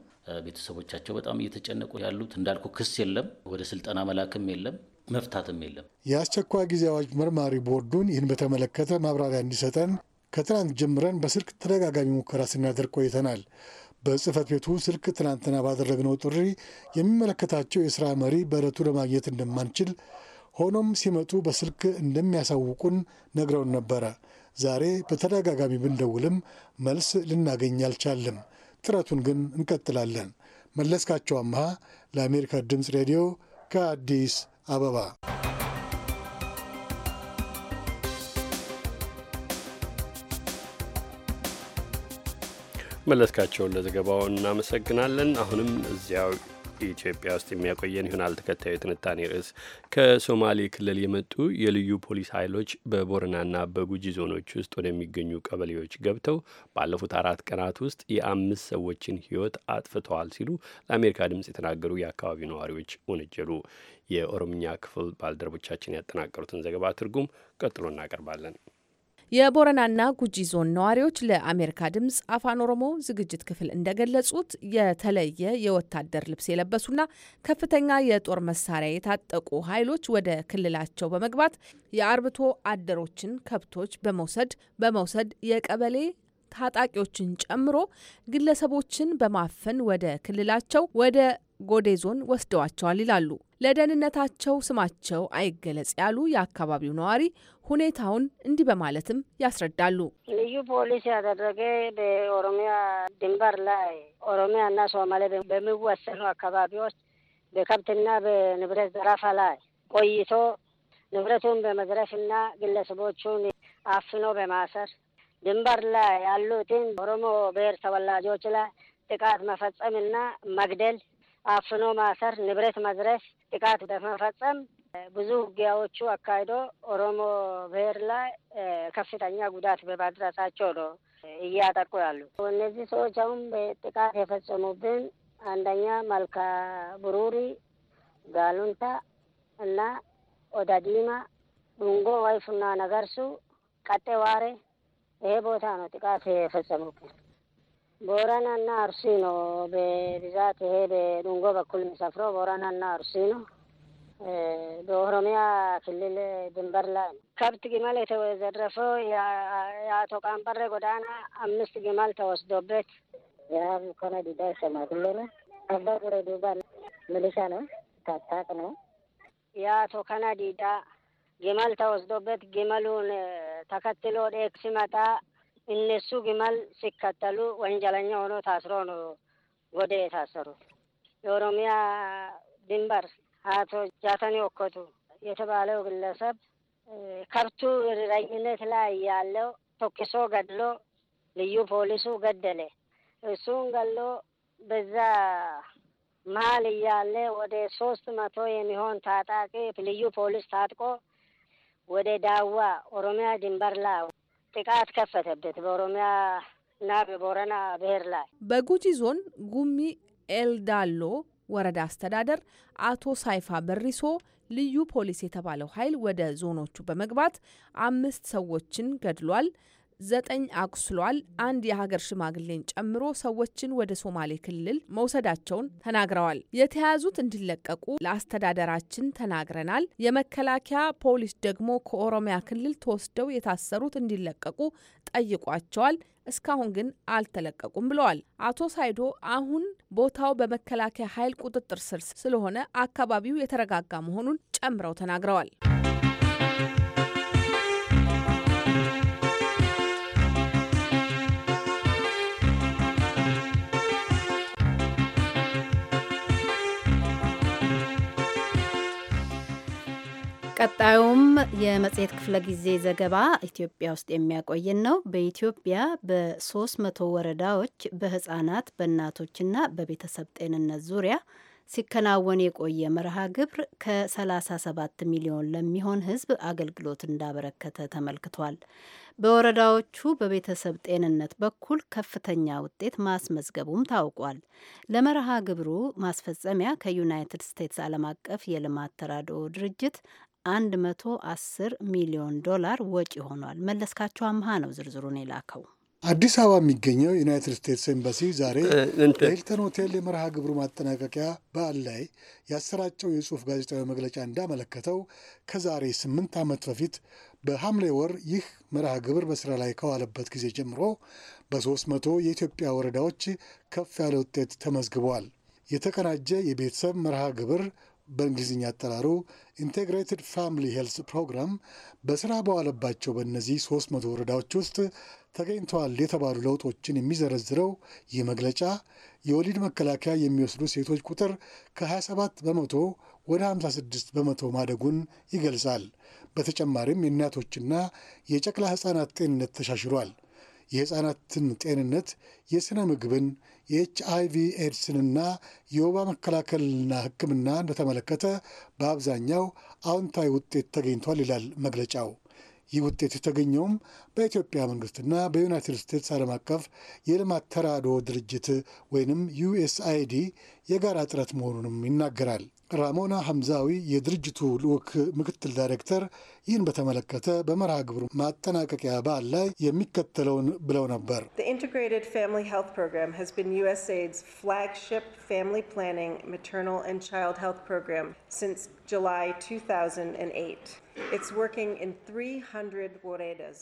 ቤተሰቦቻቸው በጣም እየተጨነቁ ያሉት እንዳልኩ፣ ክስ የለም፣ ወደ ስልጠና መላክም የለም፣ መፍታትም የለም። የአስቸኳይ ጊዜ አዋጅ መርማሪ ቦርዱን ይህን በተመለከተ ማብራሪያ እንዲሰጠን ከትናንት ጀምረን በስልክ ተደጋጋሚ ሙከራ ስናደርግ ቆይተናል። በጽህፈት ቤቱ ስልክ ትናንትና ባደረግነው ጥሪ የሚመለከታቸው የስራ መሪ በዕለቱ ለማግኘት እንደማንችል ሆኖም ሲመጡ በስልክ እንደሚያሳውቁን ነግረውን ነበረ። ዛሬ በተደጋጋሚ ብንደውልም መልስ ልናገኝ አልቻልም። ጥረቱን ግን እንቀጥላለን። መለስካቸው አምሃ ለአሜሪካ ድምፅ ሬዲዮ ከአዲስ አበባ። መለስካቸውን ለዘገባው እናመሰግናለን። አሁንም እዚያው ኢትዮጵያ ውስጥ የሚያቆየን ይሆናል። ተከታዩ የትንታኔ ርዕስ ከሶማሌ ክልል የመጡ የልዩ ፖሊስ ኃይሎች በቦረናና በጉጂ ዞኖች ውስጥ ወደሚገኙ ቀበሌዎች ገብተው ባለፉት አራት ቀናት ውስጥ የአምስት ሰዎችን ሕይወት አጥፍተዋል ሲሉ ለአሜሪካ ድምፅ የተናገሩ የአካባቢው ነዋሪዎች ወነጀሉ። የኦሮምኛ ክፍል ባልደረቦቻችን ያጠናቀሩትን ዘገባ ትርጉም ቀጥሎ እናቀርባለን። የቦረናና ጉጂ ዞን ነዋሪዎች ለአሜሪካ ድምጽ አፋን ኦሮሞ ዝግጅት ክፍል እንደገለጹት የተለየ የወታደር ልብስ የለበሱና ከፍተኛ የጦር መሳሪያ የታጠቁ ኃይሎች ወደ ክልላቸው በመግባት የአርብቶ አደሮችን ከብቶች በመውሰድ በመውሰድ የቀበሌ ታጣቂዎችን ጨምሮ ግለሰቦችን በማፈን ወደ ክልላቸው ወደ ጎዴ ዞን ወስደዋቸዋል ይላሉ። ለደህንነታቸው ስማቸው አይገለጽ ያሉ የአካባቢው ነዋሪ ሁኔታውን እንዲህ በማለትም ያስረዳሉ። ልዩ ፖሊስ ያደረገ በኦሮሚያ ድንበር ላይ ኦሮሚያ እና ሶማሌ በሚወሰኑ አካባቢዎች በከብትና በንብረት ዘረፋ ላይ ቆይቶ ንብረቱን በመዝረፍና ግለሰቦቹን አፍኖ በማሰር ድንበር ላይ ያሉትን ኦሮሞ ብሔር ተወላጆች ላይ ጥቃት መፈጸምና መግደል አፍኖ ማሰር፣ ንብረት መዝረፍ፣ ጥቃት በመፈጸም ብዙ ውጊያዎቹ አካሂዶ ኦሮሞ ብሔር ላይ ከፍተኛ ጉዳት በማድረሳቸው ነው እያጠቁ ያሉ እነዚህ ሰዎች። አሁን ጥቃት የፈጸሙብን አንደኛ መልካ ብሩሪ፣ ጋሉንታ እና ኦዳዲማ፣ ዱንጎ፣ ዋይፉና ነገርሱ፣ ቀጤ ዋሬ ይሄ ቦታ ነው ጥቃት የፈጸሙብን። ቦረናና አርሲ ነው በብዛት ይሄ በዱንጎ በኩል የሚሰፍረው ቦረናና አርሲ ነው። በኦሮሚያ ክልል ድንበር ላይ ከብት ግመል የተዘረፈው የአቶ ቃምበሬ ጎዳና አምስት ግመል ተወስዶበት የሀብ ኮነ ዲዳ ይሰማግሎ ነው። አባ ጉረ ዱባ ሚሊሻ ነው፣ ታጣቅ ነው። የአቶ ከነ ዲዳ ግመል ተወስዶበት ግመሉን ተከትሎ ዴክ ሲመጣ እነሱ ግመል ሲከተሉ ወንጀለኛ ሆኖ ታስሮ ነው ወደ የታሰሩ የኦሮሚያ ድንበር አቶ ጃተኒ ወኮቱ የተባለው ግለሰብ ከብቱ ረኝነት ላይ ያለው ተኩሶ ገድሎ ልዩ ፖሊሱ ገደለ። እሱን ገሎ በዛ መሀል እያለ ወደ ሶስት መቶ የሚሆን ታጣቂ ልዩ ፖሊስ ታጥቆ ወደ ዳዋ ኦሮሚያ ድንበር ላይ ጥቃት ከፈተበት በኦሮሚያ እና በቦረና ብሔር ላይ። በጉጂ ዞን ጉሚ ኤልዳሎ ወረዳ አስተዳደር አቶ ሳይፋ በሪሶ ልዩ ፖሊስ የተባለው ኃይል ወደ ዞኖቹ በመግባት አምስት ሰዎችን ገድሏል። ዘጠኝ አቁስሏል። አንድ የሀገር ሽማግሌን ጨምሮ ሰዎችን ወደ ሶማሌ ክልል መውሰዳቸውን ተናግረዋል። የተያዙት እንዲለቀቁ ለአስተዳደራችን ተናግረናል። የመከላከያ ፖሊስ ደግሞ ከኦሮሚያ ክልል ተወስደው የታሰሩት እንዲለቀቁ ጠይቋቸዋል። እስካሁን ግን አልተለቀቁም ብለዋል አቶ ሳይዶ። አሁን ቦታው በመከላከያ ኃይል ቁጥጥር ስር ስለሆነ አካባቢው የተረጋጋ መሆኑን ጨምረው ተናግረዋል። ቀጣዩም የመጽሔት ክፍለ ጊዜ ዘገባ ኢትዮጵያ ውስጥ የሚያቆየን ነው። በኢትዮጵያ በሶስት መቶ ወረዳዎች በህጻናት በእናቶችና በቤተሰብ ጤንነት ዙሪያ ሲከናወን የቆየ መርሃ ግብር ከ37 ሚሊዮን ለሚሆን ህዝብ አገልግሎት እንዳበረከተ ተመልክቷል። በወረዳዎቹ በቤተሰብ ጤንነት በኩል ከፍተኛ ውጤት ማስመዝገቡም ታውቋል። ለመርሃ ግብሩ ማስፈጸሚያ ከዩናይትድ ስቴትስ ዓለም አቀፍ የልማት ተራድኦ ድርጅት 110 ሚሊዮን ዶላር ወጪ ሆኗል። መለስካቸው አምሃ ነው ዝርዝሩን የላከው። አዲስ አበባ የሚገኘው ዩናይትድ ስቴትስ ኤምባሲ ዛሬ በሂልተን ሆቴል የመርሃ ግብሩ ማጠናቀቂያ በዓል ላይ ያሰራጨው የጽሑፍ ጋዜጣዊ መግለጫ እንዳመለከተው ከዛሬ ስምንት ዓመት በፊት በሐምሌ ወር ይህ መርሃ ግብር በስራ ላይ ከዋለበት ጊዜ ጀምሮ በሦስት መቶ የኢትዮጵያ ወረዳዎች ከፍ ያለ ውጤት ተመዝግበዋል። የተቀናጀ የቤተሰብ መርሃ ግብር በእንግሊዝኛ አጠራሩ ኢንቴግሬትድ ፋሚሊ ሄልስ ፕሮግራም በስራ በዋለባቸው በእነዚህ 300 ወረዳዎች ውስጥ ተገኝተዋል የተባሉ ለውጦችን የሚዘረዝረው ይህ መግለጫ የወሊድ መከላከያ የሚወስዱ ሴቶች ቁጥር ከ27 በመቶ ወደ 56 በመቶ ማደጉን ይገልጻል። በተጨማሪም የእናቶችና የጨቅላ ሕፃናት ጤንነት ተሻሽሏል። የሕፃናትን ጤንነት፣ የሥነ ምግብን፣ የኤች ቪ ኤድስንና የወባ መከላከልና ህክምና እንደተመለከተ በአብዛኛው አዎንታዊ ውጤት ተገኝቷል ይላል መግለጫው። ይህ ውጤት የተገኘውም በኢትዮጵያ መንግስትና በዩናይትድ ስቴትስ ዓለም አቀፍ የልማት ተራድኦ ድርጅት ወይንም ዩኤስአይዲ የጋራ ጥረት መሆኑንም ይናገራል። ራሞና ሐምዛዊ የድርጅቱ ልዑክ ምክትል ዳይሬክተር ይህን በተመለከተ በመርሃ ግብሩ ማጠናቀቂያ በዓል ላይ የሚከተለውን ብለው ነበር። ጁላይ 2008 It's working in 300 bodegas.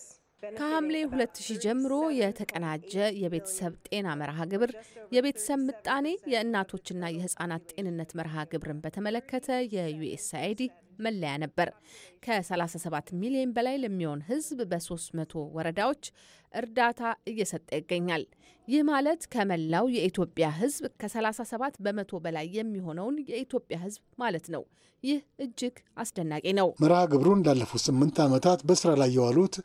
ከሐምሌ 2000 ጀምሮ የተቀናጀ የቤተሰብ ጤና መርሃ ግብር፣ የቤተሰብ ምጣኔ፣ የእናቶችና የህፃናት ጤንነት መርሃ ግብርን በተመለከተ የዩኤስአይዲ መለያ ነበር። ከ37 ሚሊዮን በላይ ለሚሆን ህዝብ በ300 ወረዳዎች እርዳታ እየሰጠ ይገኛል። ይህ ማለት ከመላው የኢትዮጵያ ህዝብ ከ37 በመቶ በላይ የሚሆነውን የኢትዮጵያ ህዝብ ማለት ነው። ይህ እጅግ አስደናቂ ነው። መርሃ ግብሩን ላለፉት ስምንት ዓመታት በስራ ላይ የዋሉት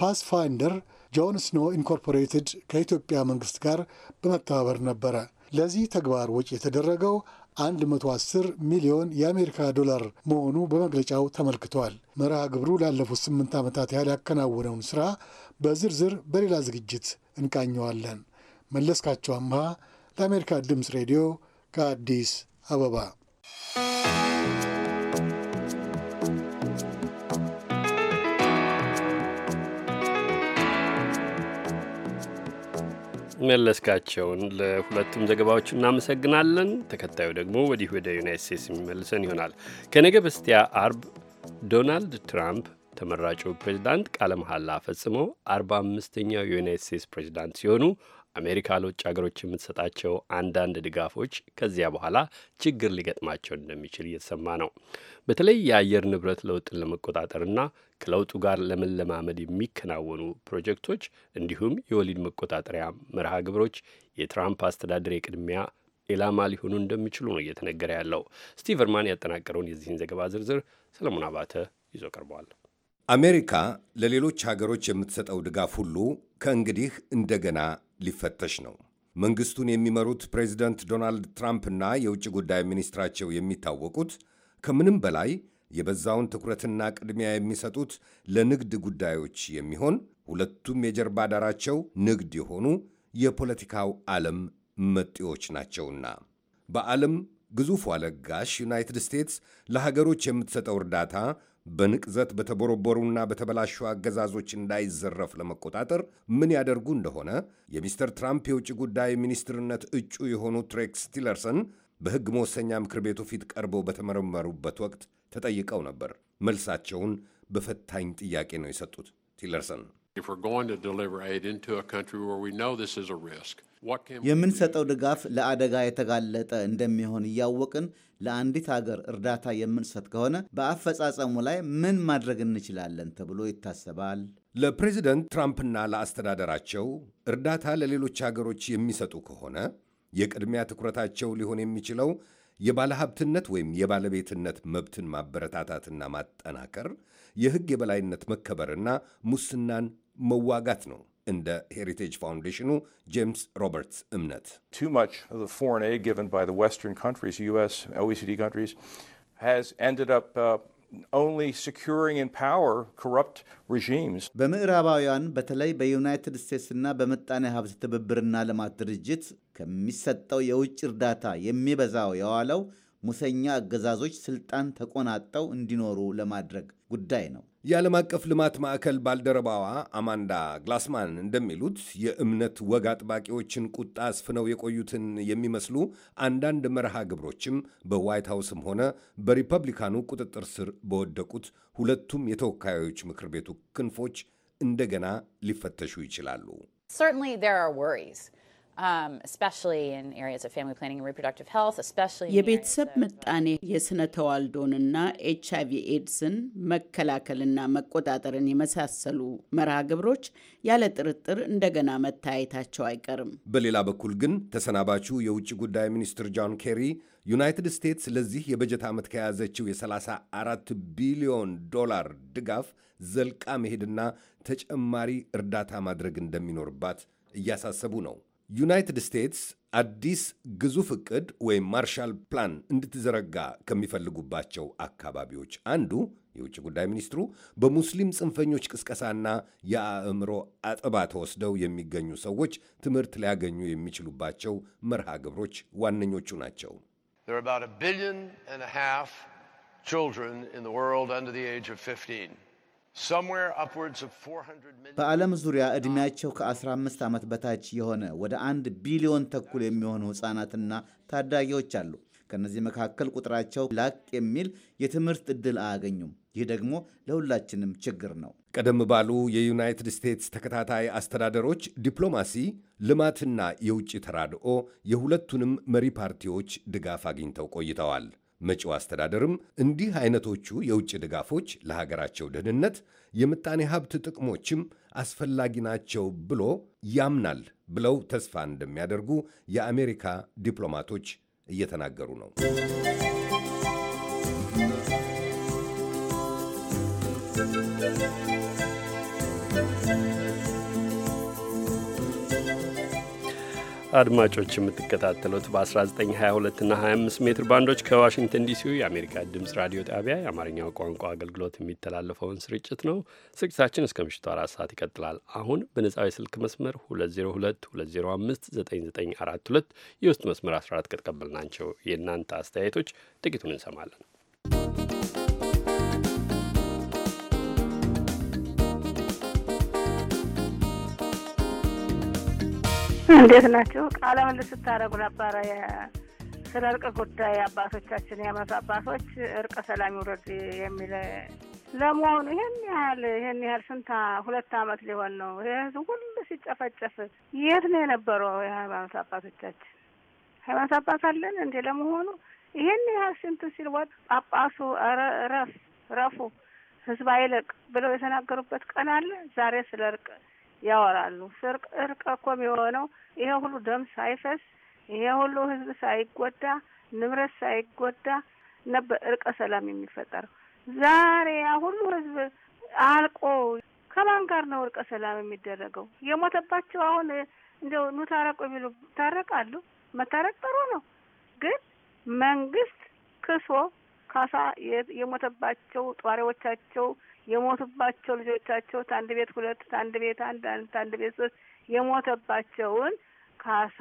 ፓስፋይንደር ጆን ስኖ ኢንኮርፖሬትድ ከኢትዮጵያ መንግስት ጋር በመተባበር ነበረ። ለዚህ ተግባር ወጪ የተደረገው 110 ሚሊዮን የአሜሪካ ዶላር መሆኑ በመግለጫው ተመልክቷል። መርሃ ግብሩ ላለፉት ስምንት ዓመታት ያህል ያከናወነውን ሥራ በዝርዝር በሌላ ዝግጅት እንቃኘዋለን። መለስካቸው አምሃ ለአሜሪካ ድምፅ ሬዲዮ ከአዲስ አበባ መለስካቸውን ለሁለቱም ዘገባዎች እናመሰግናለን። ተከታዩ ደግሞ ወዲህ ወደ ዩናይት ስቴትስ የሚመልሰን ይሆናል። ከነገ በስቲያ አርብ ዶናልድ ትራምፕ ተመራጩ ፕሬዚዳንት ቃለ መሐላ ፈጽመው አርባ አምስተኛው የዩናይት ስቴትስ ፕሬዚዳንት ሲሆኑ አሜሪካ ለውጭ ሀገሮች የምትሰጣቸው አንዳንድ ድጋፎች ከዚያ በኋላ ችግር ሊገጥማቸው እንደሚችል እየተሰማ ነው። በተለይ የአየር ንብረት ለውጥን ለመቆጣጠርና ከለውጡ ጋር ለመለማመድ የሚከናወኑ ፕሮጀክቶች እንዲሁም የወሊድ መቆጣጠሪያ መርሃ ግብሮች የትራምፕ አስተዳደር የቅድሚያ ኢላማ ሊሆኑ እንደሚችሉ ነው እየተነገረ ያለው። ስቲቨርማን ያጠናቀረውን የዚህን ዘገባ ዝርዝር ሰለሞን አባተ ይዞ ቀርበዋል። አሜሪካ ለሌሎች ሀገሮች የምትሰጠው ድጋፍ ሁሉ ከእንግዲህ እንደገና ሊፈተሽ ነው። መንግስቱን የሚመሩት ፕሬዚደንት ዶናልድ ትራምፕና የውጭ ጉዳይ ሚኒስትራቸው የሚታወቁት ከምንም በላይ የበዛውን ትኩረትና ቅድሚያ የሚሰጡት ለንግድ ጉዳዮች የሚሆን ሁለቱም የጀርባ ዳራቸው ንግድ የሆኑ የፖለቲካው ዓለም መጤዎች ናቸውና በዓለም ግዙፏ ለጋሽ ዩናይትድ ስቴትስ ለሀገሮች የምትሰጠው እርዳታ በንቅዘት በተቦረቦሩና በተበላሹ አገዛዞች እንዳይዘረፍ ለመቆጣጠር ምን ያደርጉ እንደሆነ የሚስተር ትራምፕ የውጭ ጉዳይ ሚኒስትርነት እጩ የሆኑ ትሬክስ ቲለርሰን በሕግ መወሰኛ ምክር ቤቱ ፊት ቀርበው በተመረመሩበት ወቅት ተጠይቀው ነበር። መልሳቸውን በፈታኝ ጥያቄ ነው የሰጡት ቲለርሰን የምንሰጠው ድጋፍ ለአደጋ የተጋለጠ እንደሚሆን እያወቅን ለአንዲት ሀገር እርዳታ የምንሰጥ ከሆነ በአፈጻጸሙ ላይ ምን ማድረግ እንችላለን ተብሎ ይታሰባል። ለፕሬዚደንት ትራምፕና ለአስተዳደራቸው እርዳታ ለሌሎች ሀገሮች የሚሰጡ ከሆነ የቅድሚያ ትኩረታቸው ሊሆን የሚችለው የባለሀብትነት ወይም የባለቤትነት መብትን ማበረታታትና ማጠናከር፣ የሕግ የበላይነት መከበርና ሙስናን መዋጋት ነው። እንደ ሄሪቴጅ ፋውንዴሽኑ ጄምስ ሮበርትስ እምነት በምዕራባውያን በተለይ በዩናይትድ ስቴትስና በምጣኔ ሀብት ትብብርና ልማት ድርጅት ከሚሰጠው የውጭ እርዳታ የሚበዛው የዋለው ሙሰኛ አገዛዞች ስልጣን ተቆናጠው እንዲኖሩ ለማድረግ ጉዳይ ነው። የዓለም አቀፍ ልማት ማዕከል ባልደረባዋ አማንዳ ግላስማን እንደሚሉት የእምነት ወግ አጥባቂዎችን ቁጣ አስፍነው የቆዩትን የሚመስሉ አንዳንድ መርሃ ግብሮችም በዋይት ሀውስም ሆነ በሪፐብሊካኑ ቁጥጥር ስር በወደቁት ሁለቱም የተወካዮች ምክር ቤቱ ክንፎች እንደገና ሊፈተሹ ይችላሉ። Um, የቤተሰብ ምጣኔ የስነ ተዋልዶንና ኤች አይቪ ኤድስን መከላከልና መቆጣጠርን የመሳሰሉ መርሃ ግብሮች ያለ ጥርጥር እንደገና መታየታቸው አይቀርም። በሌላ በኩል ግን ተሰናባቹ የውጭ ጉዳይ ሚኒስትር ጆን ኬሪ ዩናይትድ ስቴትስ ለዚህ የበጀት ዓመት ከያዘችው የ34 ቢሊዮን ዶላር ድጋፍ ዘልቃ መሄድና ተጨማሪ እርዳታ ማድረግ እንደሚኖርባት እያሳሰቡ ነው። ዩናይትድ ስቴትስ አዲስ ግዙፍ እቅድ ወይም ማርሻል ፕላን እንድትዘረጋ ከሚፈልጉባቸው አካባቢዎች አንዱ የውጭ ጉዳይ ሚኒስትሩ በሙስሊም ጽንፈኞች ቅስቀሳና የአእምሮ አጥባ ተወስደው የሚገኙ ሰዎች ትምህርት ሊያገኙ የሚችሉባቸው መርሃ ግብሮች ዋነኞቹ ናቸው። ቢሊዮን በዓለም ዙሪያ ዕድሜያቸው ከ15 ዓመት በታች የሆነ ወደ አንድ ቢሊዮን ተኩል የሚሆኑ ሕፃናትና ታዳጊዎች አሉ። ከእነዚህ መካከል ቁጥራቸው ላቅ የሚል የትምህርት ዕድል አያገኙም። ይህ ደግሞ ለሁላችንም ችግር ነው። ቀደም ባሉ የዩናይትድ ስቴትስ ተከታታይ አስተዳደሮች ዲፕሎማሲ፣ ልማትና የውጭ ተራድኦ የሁለቱንም መሪ ፓርቲዎች ድጋፍ አግኝተው ቆይተዋል። መጪው አስተዳደርም እንዲህ አይነቶቹ የውጭ ድጋፎች ለሀገራቸው ደህንነት፣ የምጣኔ ሀብት ጥቅሞችም አስፈላጊ ናቸው ብሎ ያምናል ብለው ተስፋ እንደሚያደርጉ የአሜሪካ ዲፕሎማቶች እየተናገሩ ነው። አድማጮች የምትከታተሉት በ1922 እና 25 ሜትር ባንዶች ከዋሽንግተን ዲሲው የአሜሪካ ድምፅ ራዲዮ ጣቢያ የአማርኛው ቋንቋ አገልግሎት የሚተላለፈውን ስርጭት ነው። ስርጭታችን እስከ ምሽቱ አራት ሰዓት ይቀጥላል። አሁን በነጻው የስልክ መስመር 2022059942 የውስጥ መስመር 14 ከተቀበልናቸው የእናንተ አስተያየቶች ጥቂቱን እንሰማለን። እንዴት ናቸው? ቃለ ምልልስ ስታደርጉ ነበረ ስለ እርቅ ጉዳይ አባቶቻችን የአመቱ አባቶች እርቅ ሰላም ይውረድ የሚል ለመሆኑ ይህን ያህል ይህን ያህል ስንት ሁለት አመት ሊሆን ነው ህዝብ ሁሉ ሲጨፈጨፍ የት ነው የነበረው? የሃይማኖት አባቶቻችን ሃይማኖት አባት አለን እንዴ? ለመሆኑ ይህን ያህል ስንት ሲል ወጥ ጳጳሱ ረፍ ረፉ ህዝብ አይለቅ ብለው የተናገሩበት ቀን አለ ዛሬ ስለ እርቅ ያወራሉ። እርቅ እኮ የሚሆነው ይሄ ሁሉ ደም ሳይፈስ ይሄ ሁሉ ህዝብ ሳይጎዳ ንብረት ሳይጎዳ ነበር እርቀ ሰላም የሚፈጠረው። ዛሬ ያ ሁሉ ህዝብ አልቆ ከማን ጋር ነው እርቀ ሰላም የሚደረገው? የሞተባቸው አሁን እንደው ኑ ታረቁ የሚሉ ታረቃሉ። መታረቅ ጥሩ ነው፣ ግን መንግስት ክሶ ካሳ የሞተባቸው ጧሪዎቻቸው የሞቱባቸው ልጆቻቸው ታንድ ቤት ሁለት ታንድ ቤት አንድ ታንድ ቤት ሶስት የሞተባቸውን ካሳ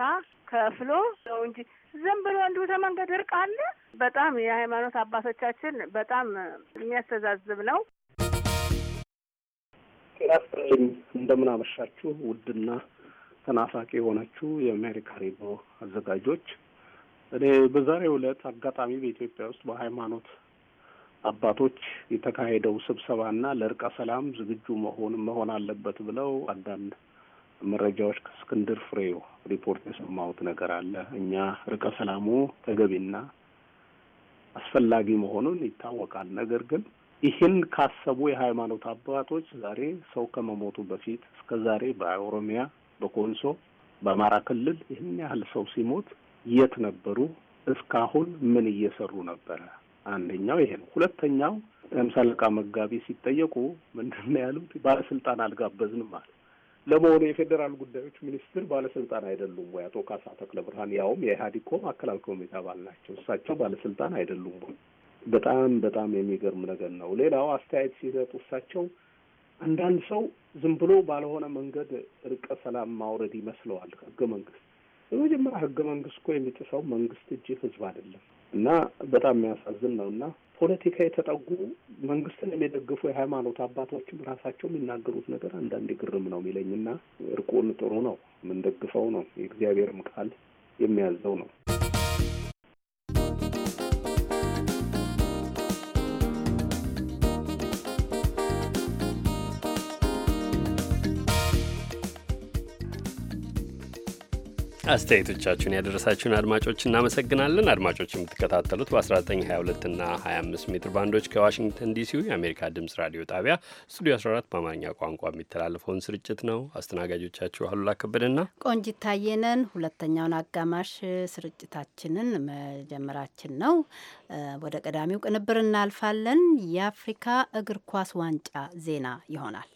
ከፍሎ ነው እንጂ ዝም ብሎ እንዲሁ ተመንገድ እርቅ አለ። በጣም የሃይማኖት አባቶቻችን በጣም የሚያስተዛዝብ ነው። ጤናስጥልኝ እንደምን አመሻችሁ ውድና ተናፋቂ የሆነችው የአሜሪካ ሬዲዮ አዘጋጆች እኔ በዛሬው ዕለት አጋጣሚ በኢትዮጵያ ውስጥ በሃይማኖት አባቶች የተካሄደው ስብሰባና ለእርቀ ሰላም ዝግጁ መሆን መሆን አለበት ብለው አንዳንድ መረጃዎች ከእስክንድር ፍሬው ሪፖርት የሰማሁት ነገር አለ። እኛ ርቀ ሰላሙ ተገቢና አስፈላጊ መሆኑን ይታወቃል። ነገር ግን ይህን ካሰቡ የሃይማኖት አባቶች ዛሬ ሰው ከመሞቱ በፊት እስከ ዛሬ በኦሮሚያ፣ በኮንሶ፣ በአማራ ክልል ይህን ያህል ሰው ሲሞት የት ነበሩ? እስካሁን ምን እየሰሩ ነበረ? አንደኛው ይሄ ነው። ሁለተኛው ምሳልቃ መጋቢ ሲጠየቁ ምንድን ነው ያሉት? ባለስልጣን አልጋበዝንም አለ። ለመሆኑ የፌዴራል ጉዳዮች ሚኒስትር ባለስልጣን አይደሉም ወይ? አቶ ካሳ ተክለ ብርሃን ያውም የኢህአዴግ ማዕከላዊ ኮሚቴ አባል ናቸው። እሳቸው ባለስልጣን አይደሉም ወይ? በጣም በጣም የሚገርም ነገር ነው። ሌላው አስተያየት ሲሰጡ እሳቸው አንዳንድ ሰው ዝም ብሎ ባልሆነ መንገድ እርቀ ሰላም ማውረድ ይመስለዋል ህገ መንግስት። በመጀመሪያ ህገ መንግስት እኮ የሚጥሰው መንግስት እጅ ህዝብ አይደለም። እና በጣም የሚያሳዝን ነው እና ፖለቲካ የተጠጉ መንግስትን የሚደግፉ የሃይማኖት አባቶችም ራሳቸው የሚናገሩት ነገር አንዳንድ ግርም ነው የሚለኝ እና እርቁን ጥሩ ነው የምንደግፈው ነው የእግዚአብሔርም ቃል የሚያዘው ነው። አስተያየቶቻችሁን ያደረሳችሁን አድማጮች እናመሰግናለን። አድማጮች የምትከታተሉት በ1922 እና 25 ሜትር ባንዶች ከዋሽንግተን ዲሲው የአሜሪካ ድምፅ ራዲዮ ጣቢያ ስቱዲዮ 14 በአማርኛ ቋንቋ የሚተላለፈውን ስርጭት ነው። አስተናጋጆቻችሁ አሉላ ከበደና ቆንጂት ታየነን። ሁለተኛውን አጋማሽ ስርጭታችንን መጀመራችን ነው። ወደ ቀዳሚው ቅንብር እናልፋለን። የአፍሪካ እግር ኳስ ዋንጫ ዜና ይሆናል።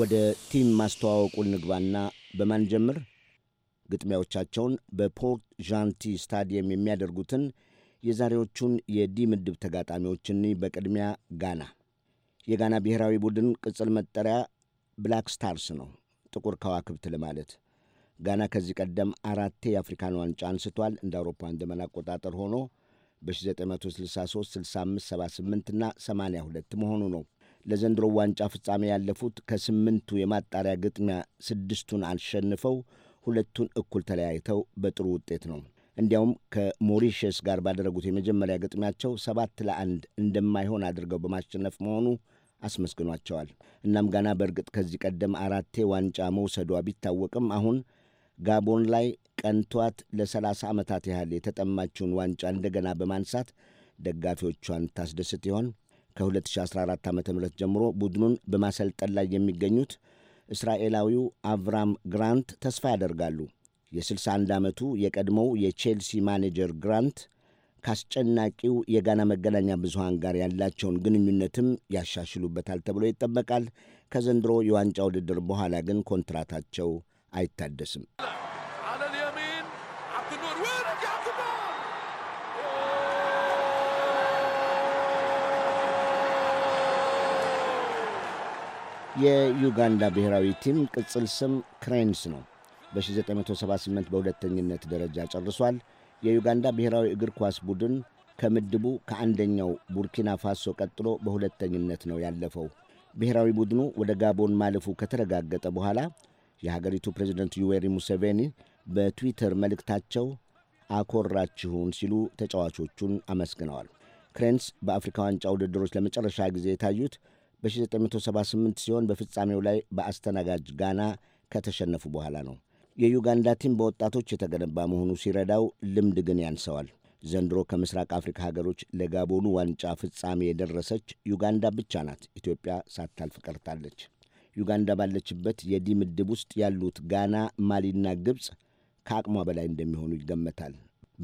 ወደ ቲም ማስተዋወቁ ንግባና በማን ጀምር? ግጥሚያዎቻቸውን በፖርት ዣንቲ ስታዲየም የሚያደርጉትን የዛሬዎቹን የዲ ምድብ ተጋጣሚዎችን በቅድሚያ ጋና። የጋና ብሔራዊ ቡድን ቅጽል መጠሪያ ብላክ ስታርስ ነው፣ ጥቁር ከዋክብት ለማለት። ጋና ከዚህ ቀደም አራቴ የአፍሪካን ዋንጫ አንስቷል እንደ አውሮፓውያን ዘመን አቆጣጠር ሆኖ በ1963፣ 65፣ 78 እና 82 መሆኑ ነው። ለዘንድሮ ዋንጫ ፍጻሜ ያለፉት ከስምንቱ የማጣሪያ ግጥሚያ ስድስቱን አሸንፈው ሁለቱን እኩል ተለያይተው በጥሩ ውጤት ነው። እንዲያውም ከሞሪሸስ ጋር ባደረጉት የመጀመሪያ ግጥሚያቸው ሰባት ለአንድ እንደማይሆን አድርገው በማሸነፍ መሆኑ አስመስግኗቸዋል። እናም ጋና በእርግጥ ከዚህ ቀደም አራቴ ዋንጫ መውሰዷ ቢታወቅም አሁን ጋቦን ላይ ቀንቷት ለሰላሳ ዓመታት ያህል የተጠማችውን ዋንጫ እንደገና በማንሳት ደጋፊዎቿን ታስደስት ይሆን? ከ2014 ዓ ም ጀምሮ ቡድኑን በማሰልጠን ላይ የሚገኙት እስራኤላዊው አቭራም ግራንት ተስፋ ያደርጋሉ። የ61 ዓመቱ የቀድሞው የቼልሲ ማኔጀር ግራንት ከአስጨናቂው የጋና መገናኛ ብዙሃን ጋር ያላቸውን ግንኙነትም ያሻሽሉበታል ተብሎ ይጠበቃል። ከዘንድሮ የዋንጫ ውድድር በኋላ ግን ኮንትራታቸው አይታደስም። የዩጋንዳ ብሔራዊ ቲም ቅጽል ስም ክሬንስ ነው። በ1978 በሁለተኝነት ደረጃ ጨርሷል። የዩጋንዳ ብሔራዊ እግር ኳስ ቡድን ከምድቡ ከአንደኛው ቡርኪና ፋሶ ቀጥሎ በሁለተኝነት ነው ያለፈው። ብሔራዊ ቡድኑ ወደ ጋቦን ማለፉ ከተረጋገጠ በኋላ የሀገሪቱ ፕሬዚደንት ዩዌሪ ሙሴቬኒ በትዊተር መልእክታቸው አኮራችሁን ሲሉ ተጫዋቾቹን አመስግነዋል። ክሬንስ በአፍሪካ ዋንጫ ውድድሮች ለመጨረሻ ጊዜ የታዩት በ1978 ሲሆን በፍጻሜው ላይ በአስተናጋጅ ጋና ከተሸነፉ በኋላ ነው። የዩጋንዳ ቲም በወጣቶች የተገነባ መሆኑ ሲረዳው ልምድ ግን ያንሰዋል። ዘንድሮ ከምስራቅ አፍሪካ ሀገሮች ለጋቦኑ ዋንጫ ፍጻሜ የደረሰች ዩጋንዳ ብቻ ናት። ኢትዮጵያ ሳታልፍ ቀርታለች። ዩጋንዳ ባለችበት የዲ ምድብ ውስጥ ያሉት ጋና፣ ማሊና ግብፅ ከአቅሟ በላይ እንደሚሆኑ ይገመታል።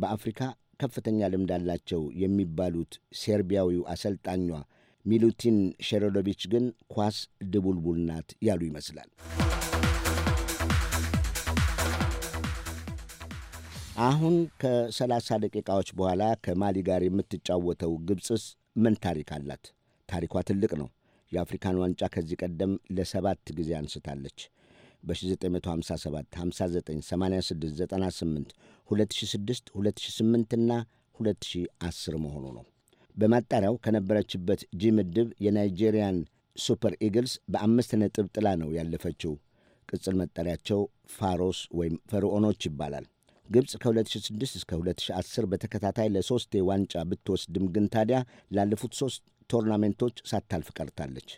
በአፍሪካ ከፍተኛ ልምድ አላቸው የሚባሉት ሴርቢያዊው አሰልጣኟ ሚሉቲን ሸረዶቪች ግን ኳስ ድቡልቡል ናት ያሉ ይመስላል። አሁን ከ30 ደቂቃዎች በኋላ ከማሊ ጋር የምትጫወተው ግብፅስ ምን ታሪክ አላት? ታሪኳ ትልቅ ነው። የአፍሪካን ዋንጫ ከዚህ ቀደም ለሰባት ጊዜ አንስታለች። በ1957፣ 59፣ 86፣ 98፣ 2006፣ 2008 እና 2010 መሆኑ ነው። በማጣሪያው ከነበረችበት ጂ ምድብ የናይጄሪያን ሱፐር ኢግልስ በአምስት ነጥብ ጥላ ነው ያለፈችው። ቅጽል መጠሪያቸው ፋሮስ ወይም ፈርዖኖች ይባላል። ግብፅ ከ2006 እስከ 2010 በተከታታይ ለሦስቴ ዋንጫ ብትወስድም ግን ታዲያ ላለፉት ሶስት ቶርናሜንቶች ሳታልፍ ቀርታለች።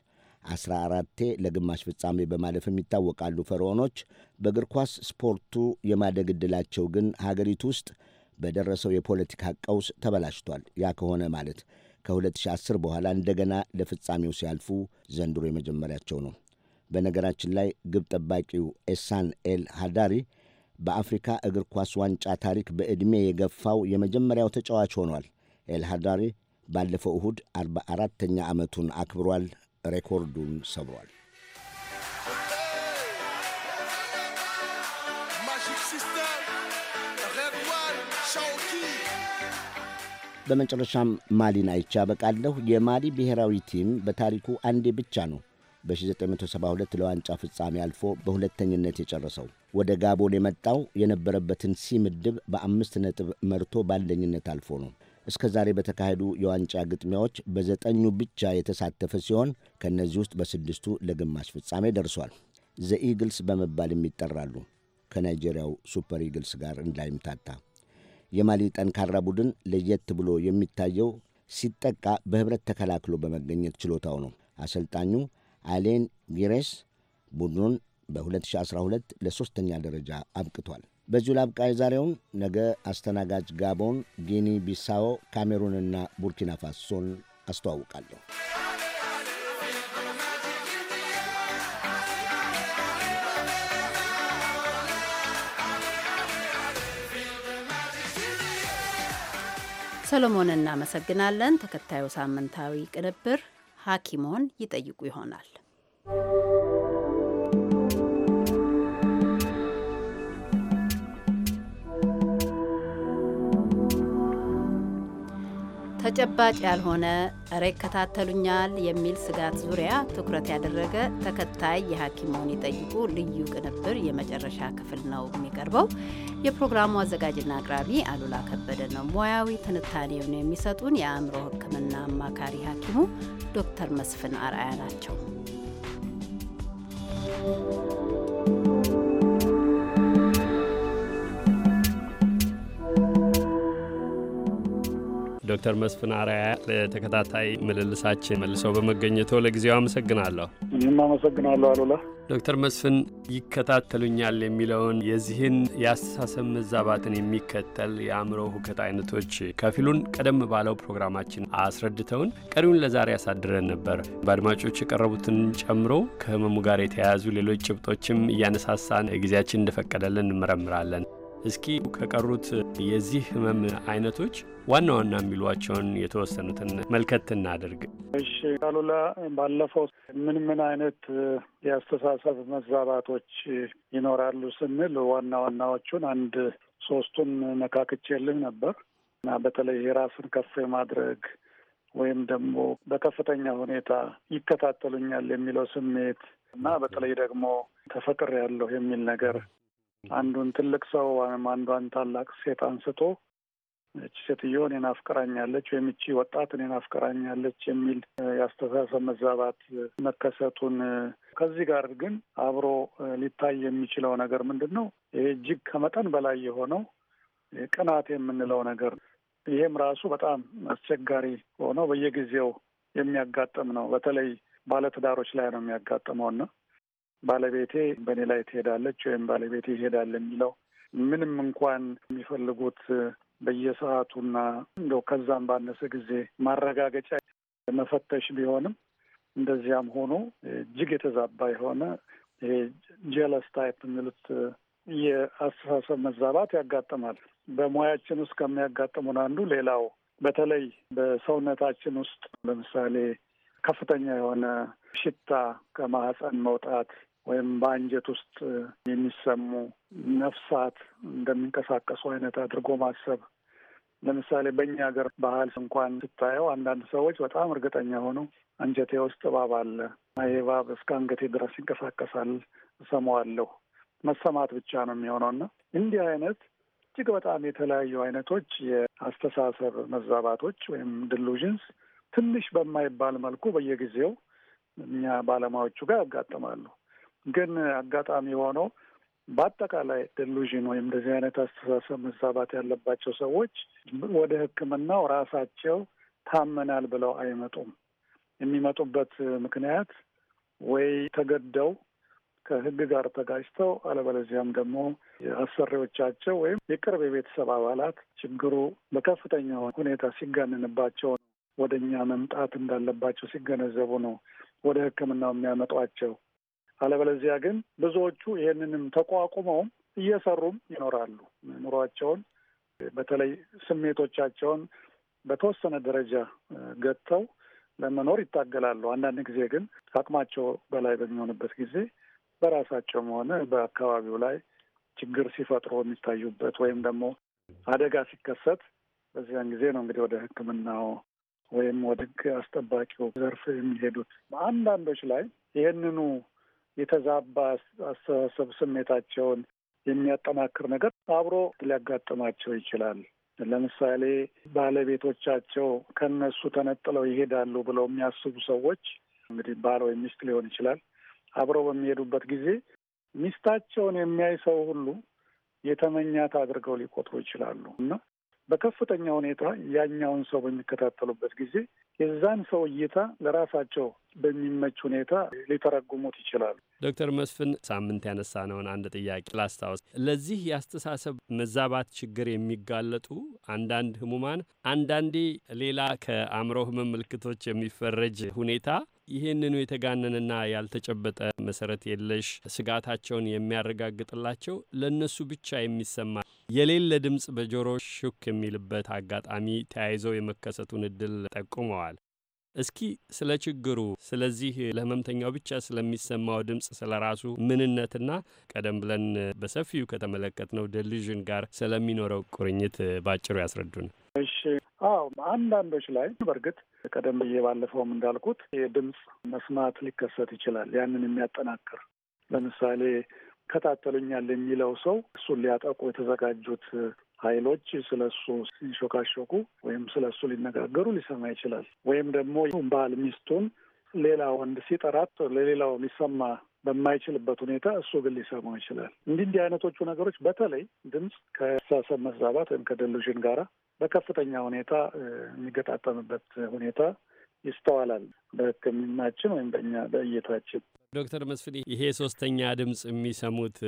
14ቴ ለግማሽ ፍጻሜ በማለፍም ይታወቃሉ። ፈርዖኖች በእግር ኳስ ስፖርቱ የማደግ ዕድላቸው ግን ሀገሪቱ ውስጥ በደረሰው የፖለቲካ ቀውስ ተበላሽቷል። ያ ከሆነ ማለት ከ2010 በኋላ እንደገና ለፍጻሜው ሲያልፉ ዘንድሮ የመጀመሪያቸው ነው። በነገራችን ላይ ግብ ጠባቂው ኤሳን ኤል ሃዳሪ በአፍሪካ እግር ኳስ ዋንጫ ታሪክ በዕድሜ የገፋው የመጀመሪያው ተጫዋች ሆኗል። ኤል ሃዳሪ ባለፈው እሁድ 44ተኛ ዓመቱን አክብሯል። ሬኮርዱን ሰብሯል። በመጨረሻም ማሊን አይቼ አበቃለሁ። የማሊ ብሔራዊ ቲም በታሪኩ አንዴ ብቻ ነው በ1972 ለዋንጫ ፍጻሜ አልፎ በሁለተኝነት የጨረሰው። ወደ ጋቦን የመጣው የነበረበትን ሲ ምድብ በአምስት ነጥብ መርቶ ባለኝነት አልፎ ነው። እስከ ዛሬ በተካሄዱ የዋንጫ ግጥሚያዎች በዘጠኙ ብቻ የተሳተፈ ሲሆን ከእነዚህ ውስጥ በስድስቱ ለግማሽ ፍጻሜ ደርሷል። ዘኢግልስ በመባል ይጠራሉ። ከናይጄሪያው ሱፐር ኢግልስ ጋር እንዳይምታታ የማሊ ጠንካራ ቡድን ለየት ብሎ የሚታየው ሲጠቃ በህብረት ተከላክሎ በመገኘት ችሎታው ነው። አሰልጣኙ አሌን ጊሬስ ቡድኑን በ2012 ለሦስተኛ ደረጃ አብቅቷል። በዚሁ ላብቃ የዛሬውን። ነገ አስተናጋጅ ጋቦን፣ ጊኒ ቢሳዎ፣ ካሜሩንና ቡርኪና ፋሶን አስተዋውቃለሁ። ሰሎሞን እናመሰግናለን። ተከታዩ ሳምንታዊ ቅንብር ሐኪሞን ይጠይቁ ይሆናል። ተጨባጭ ያልሆነ እረ ይከታተሉኛል የሚል ስጋት ዙሪያ ትኩረት ያደረገ ተከታይ የሐኪሞን ይጠይቁ ልዩ ቅንብር የመጨረሻ ክፍል ነው የሚቀርበው። የፕሮግራሙ አዘጋጅና አቅራቢ አሉላ ከበደ ነው። ሙያዊ ትንታኔውን የሚሰጡን የአእምሮ ሕክምና አማካሪ ሐኪሙ ዶክተር መስፍን አርአያ ናቸው። ዶክተር መስፍን አርአያ ለተከታታይ ምልልሳችን መልሰው በመገኘቶ ለጊዜው አመሰግናለሁ። እኔም አመሰግናለሁ አሉላ። ዶክተር መስፍን ይከታተሉኛል የሚለውን የዚህን የአስተሳሰብ መዛባትን የሚከተል የአእምሮ ሁከት አይነቶች ከፊሉን ቀደም ባለው ፕሮግራማችን አስረድተውን ቀሪውን ለዛሬ ያሳድረን ነበር። በአድማጮች የቀረቡትን ጨምሮ ከህመሙ ጋር የተያያዙ ሌሎች ጭብጦችም እያነሳሳን ጊዜያችን እንደፈቀደልን እንመረምራለን። እስኪ ከቀሩት የዚህ ህመም አይነቶች ዋና ዋና የሚሏቸውን የተወሰኑትን መልከት እናደርግ እሺ አሉላ፣ ባለፈው ምን ምን አይነት የአስተሳሰብ መዛባቶች ይኖራሉ ስንል ዋና ዋናዎቹን አንድ ሶስቱን ነካክቼልህ ነበር እና በተለይ የራስን ከፍ የማድረግ ወይም ደግሞ በከፍተኛ ሁኔታ ይከታተሉኛል የሚለው ስሜት እና በተለይ ደግሞ ተፈቅሬያለሁ የሚል ነገር አንዱን ትልቅ ሰው ወይም አንዷን ታላቅ ሴት አንስቶ እች ሴትዮ እኔን አፍቅራኛለች ወይም እቺ ወጣት እኔን አፍቅራኛለች የሚል የአስተሳሰብ መዛባት መከሰቱን ከዚህ ጋር ግን አብሮ ሊታይ የሚችለው ነገር ምንድን ነው? ይሄ እጅግ ከመጠን በላይ የሆነው ቅናት የምንለው ነገር ይሄም ይህም ራሱ በጣም አስቸጋሪ ሆነው በየጊዜው የሚያጋጥም ነው። በተለይ ባለትዳሮች ላይ ነው የሚያጋጥመውና ባለቤቴ በእኔ ላይ ትሄዳለች ወይም ባለቤቴ ይሄዳል የሚለው ምንም እንኳን የሚፈልጉት በየሰዓቱና እንደው ከዛም ባነሰ ጊዜ ማረጋገጫ መፈተሽ ቢሆንም እንደዚያም ሆኖ እጅግ የተዛባ የሆነ ይሄ ጀለስ ታይፕ የሚሉት የአስተሳሰብ መዛባት ያጋጥማል። በሙያችን ውስጥ ከሚያጋጥሙን አንዱ ሌላው በተለይ በሰውነታችን ውስጥ ለምሳሌ ከፍተኛ የሆነ ሽታ ከማህፀን መውጣት ወይም በአንጀት ውስጥ የሚሰሙ ነፍሳት እንደሚንቀሳቀሱ አይነት አድርጎ ማሰብ ለምሳሌ በእኛ ሀገር ባህል እንኳን ስታየው አንዳንድ ሰዎች በጣም እርግጠኛ ሆነው አንጀቴ ውስጥ እባብ አለ፣ ይህ እባብ እስከ አንገቴ ድረስ ይንቀሳቀሳል፣ እሰማዋለሁ መሰማት ብቻ ነው የሚሆነው እና እንዲህ አይነት እጅግ በጣም የተለያዩ አይነቶች የአስተሳሰብ መዛባቶች ወይም ድሉዥንስ ትንሽ በማይባል መልኩ በየጊዜው እኛ ባለሙያዎቹ ጋር ያጋጥማሉ። ግን አጋጣሚ የሆነው በአጠቃላይ ደሉዥን ወይም እንደዚህ አይነት አስተሳሰብ መዛባት ያለባቸው ሰዎች ወደ ሕክምናው ራሳቸው ታመናል ብለው አይመጡም። የሚመጡበት ምክንያት ወይ ተገደው ከህግ ጋር ተጋጭተው አለበለዚያም ደግሞ አሰሪዎቻቸው ወይም የቅርብ የቤተሰብ አባላት ችግሩ በከፍተኛ ሁኔታ ሲጋንንባቸው ወደ እኛ መምጣት እንዳለባቸው ሲገነዘቡ ነው ወደ ህክምናው የሚያመጧቸው። አለበለዚያ ግን ብዙዎቹ ይህንንም ተቋቁመውም እየሰሩም ይኖራሉ። ኑሯቸውን በተለይ ስሜቶቻቸውን በተወሰነ ደረጃ ገጥተው ለመኖር ይታገላሉ። አንዳንድ ጊዜ ግን አቅማቸው በላይ በሚሆንበት ጊዜ በራሳቸውም ሆነ በአካባቢው ላይ ችግር ሲፈጥሮ የሚታዩበት ወይም ደግሞ አደጋ ሲከሰት በዚያን ጊዜ ነው እንግዲህ ወደ ሕክምናው ወይም ወደ ሕግ አስጠባቂው ዘርፍ የሚሄዱት። አንዳንዶች ላይ ይህንኑ የተዛባ አስተሳሰብ ስሜታቸውን የሚያጠናክር ነገር አብሮ ሊያጋጥማቸው ይችላል። ለምሳሌ ባለቤቶቻቸው ከነሱ ተነጥለው ይሄዳሉ ብለው የሚያስቡ ሰዎች እንግዲህ ባል ወይም ሚስት ሊሆን ይችላል። አብረው በሚሄዱበት ጊዜ ሚስታቸውን የሚያይ ሰው ሁሉ የተመኛት አድርገው ሊቆጥሩ ይችላሉ እና በከፍተኛ ሁኔታ ያኛውን ሰው በሚከታተሉበት ጊዜ የዛን ሰው እይታ ለራሳቸው በሚመች ሁኔታ ሊተረጉሙት ይችላሉ። ዶክተር መስፍን ሳምንት ያነሳነውን አንድ ጥያቄ ላስታውስ። ለዚህ የአስተሳሰብ መዛባት ችግር የሚጋለጡ አንዳንድ ህሙማን አንዳንዴ ሌላ ከአእምሮ ህመም ምልክቶች የሚፈረጅ ሁኔታ ይህንኑ የተጋነንና ያልተጨበጠ መሰረት የለሽ ስጋታቸውን የሚያረጋግጥላቸው ለእነሱ ብቻ የሚሰማ የሌለ ድምፅ በጆሮ ሹክ የሚልበት አጋጣሚ ተያይዞ የመከሰቱን እድል ጠቁመዋል። እስኪ ስለ ችግሩ ስለዚህ ለህመምተኛው ብቻ ስለሚሰማው ድምፅ ስለ ራሱ ምንነትና ቀደም ብለን በሰፊው ከተመለከትነው ደልዥን ጋር ስለሚኖረው ቁርኝት ባጭሩ ያስረዱን። እሺ። አዎ አንዳንዶች ላይ በእርግጥ ቀደም ብዬ ባለፈውም እንዳልኩት የድምፅ መስማት ሊከሰት ይችላል። ያንን የሚያጠናክር ለምሳሌ ይከታተሉኛል የሚለው ሰው እሱን ሊያጠቁ የተዘጋጁት ኃይሎች ስለ እሱ ሲሾካሾኩ ወይም ስለ እሱ ሊነጋገሩ ሊሰማ ይችላል። ወይም ደግሞ ባል ሚስቱን ሌላ ወንድ ሲጠራት ለሌላው ሊሰማ በማይችልበት ሁኔታ እሱ ግን ሊሰማው ይችላል። እንዲህ እንዲህ አይነቶቹ ነገሮች በተለይ ድምፅ ከሳሰብ መዛባት ወይም ከደሉዥን ጋራ በከፍተኛ ሁኔታ የሚገጣጠምበት ሁኔታ ይስተዋላል በሕክምናችን ወይም በእኛ በእይታችን ዶክተር መስፍን ይሄ ሶስተኛ ድምፅ የሚሰሙት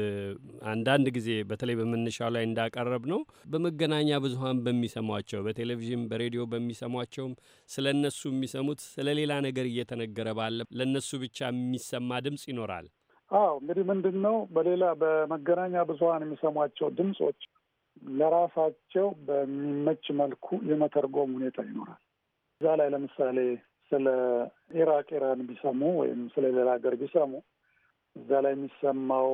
አንዳንድ ጊዜ በተለይ በመነሻው ላይ እንዳቀረብ ነው በመገናኛ ብዙሀን በሚሰሟቸው በቴሌቪዥን በሬዲዮ በሚሰሟቸውም ስለ እነሱ የሚሰሙት ስለ ሌላ ነገር እየተነገረ ባለ ለእነሱ ብቻ የሚሰማ ድምፅ ይኖራል። አዎ እንግዲህ ምንድን ነው በሌላ በመገናኛ ብዙሀን የሚሰሟቸው ድምፆች ለራሳቸው በሚመች መልኩ የመተርጎም ሁኔታ ይኖራል። እዛ ላይ ለምሳሌ ስለ ኢራቅ ኢራን ቢሰሙ ወይም ስለ ሌላ ሀገር ቢሰሙ እዛ ላይ የሚሰማው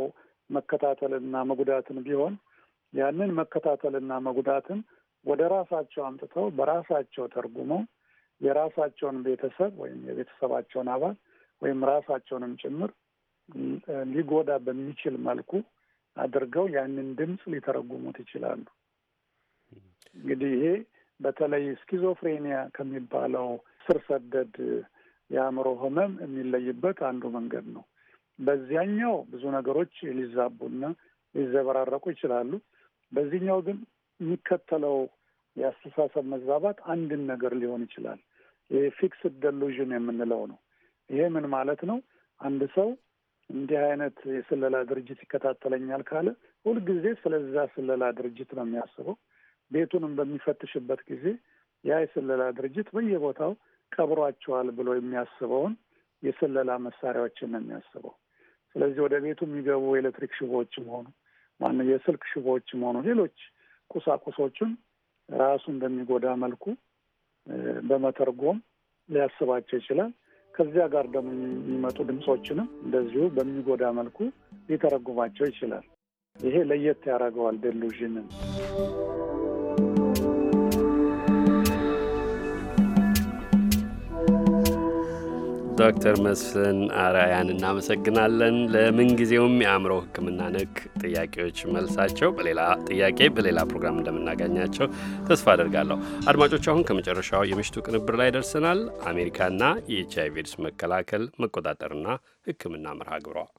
መከታተልና መጉዳትን ቢሆን ያንን መከታተልና መጉዳትን ወደ ራሳቸው አምጥተው በራሳቸው ተርጉመው የራሳቸውን ቤተሰብ ወይም የቤተሰባቸውን አባል ወይም ራሳቸውንም ጭምር ሊጎዳ በሚችል መልኩ አድርገው ያንን ድምፅ ሊተረጉሙት ይችላሉ። እንግዲህ ይሄ በተለይ ስኪዞፍሬኒያ ከሚባለው ስር ሰደድ የአእምሮ ህመም የሚለይበት አንዱ መንገድ ነው። በዚያኛው ብዙ ነገሮች ሊዛቡና ሊዘበራረቁ ይችላሉ። በዚህኛው ግን የሚከተለው የአስተሳሰብ መዛባት አንድን ነገር ሊሆን ይችላል። ይህ ፊክስድ ደሉዥን የምንለው ነው። ይሄ ምን ማለት ነው? አንድ ሰው እንዲህ አይነት የስለላ ድርጅት ይከታተለኛል ካለ ሁልጊዜ ስለዛ ስለላ ድርጅት ነው የሚያስበው። ቤቱንም በሚፈትሽበት ጊዜ ያ የስለላ ድርጅት በየቦታው ቀብሯቸዋል ብሎ የሚያስበውን የስለላ መሳሪያዎችን ነው የሚያስበው። ስለዚህ ወደ ቤቱ የሚገቡ ኤሌክትሪክ ሽቦዎችም ሆኑ ማን የስልክ ሽቦዎችም ሆኑ ሌሎች ቁሳቁሶችን ራሱ እንደሚጎዳ መልኩ በመተርጎም ሊያስባቸው ይችላል። ከዚያ ጋር ደግሞ የሚመጡ ድምፆችንም እንደዚሁ በሚጎዳ መልኩ ሊተረጉማቸው ይችላል። ይሄ ለየት ያደርገዋል ዴሉዥንን። ዶክተር መስፍን አርአያን እናመሰግናለን። ለምንጊዜውም የአእምሮ ሕክምና ነክ ጥያቄዎች መልሳቸው በሌላ ጥያቄ በሌላ ፕሮግራም እንደምናገኛቸው ተስፋ አድርጋለሁ አድማጮች፣ አሁን ከመጨረሻው የምሽቱ ቅንብር ላይ ደርሰናል። አሜሪካና የኤች አይቪ ኤድስ መከላከል መቆጣጠርና ሕክምና መርሃ ግብረዋል።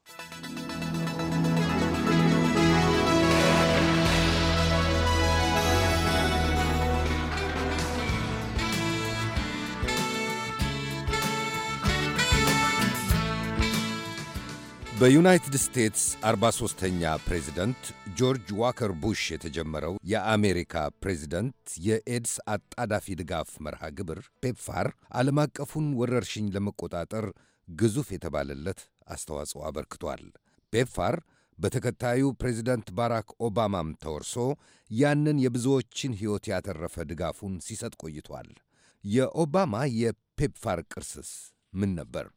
በዩናይትድ ስቴትስ 43ተኛ ፕሬዚደንት ጆርጅ ዋከር ቡሽ የተጀመረው የአሜሪካ ፕሬዚደንት የኤድስ አጣዳፊ ድጋፍ መርሃ ግብር ፔፕፋር ዓለም አቀፉን ወረርሽኝ ለመቆጣጠር ግዙፍ የተባለለት አስተዋጽኦ አበርክቷል። ፔፕፋር በተከታዩ ፕሬዚደንት ባራክ ኦባማም ተወርሶ ያንን የብዙዎችን ሕይወት ያተረፈ ድጋፉን ሲሰጥ ቆይቷል። የኦባማ የፔፕፋር ቅርስስ ምን ነበር?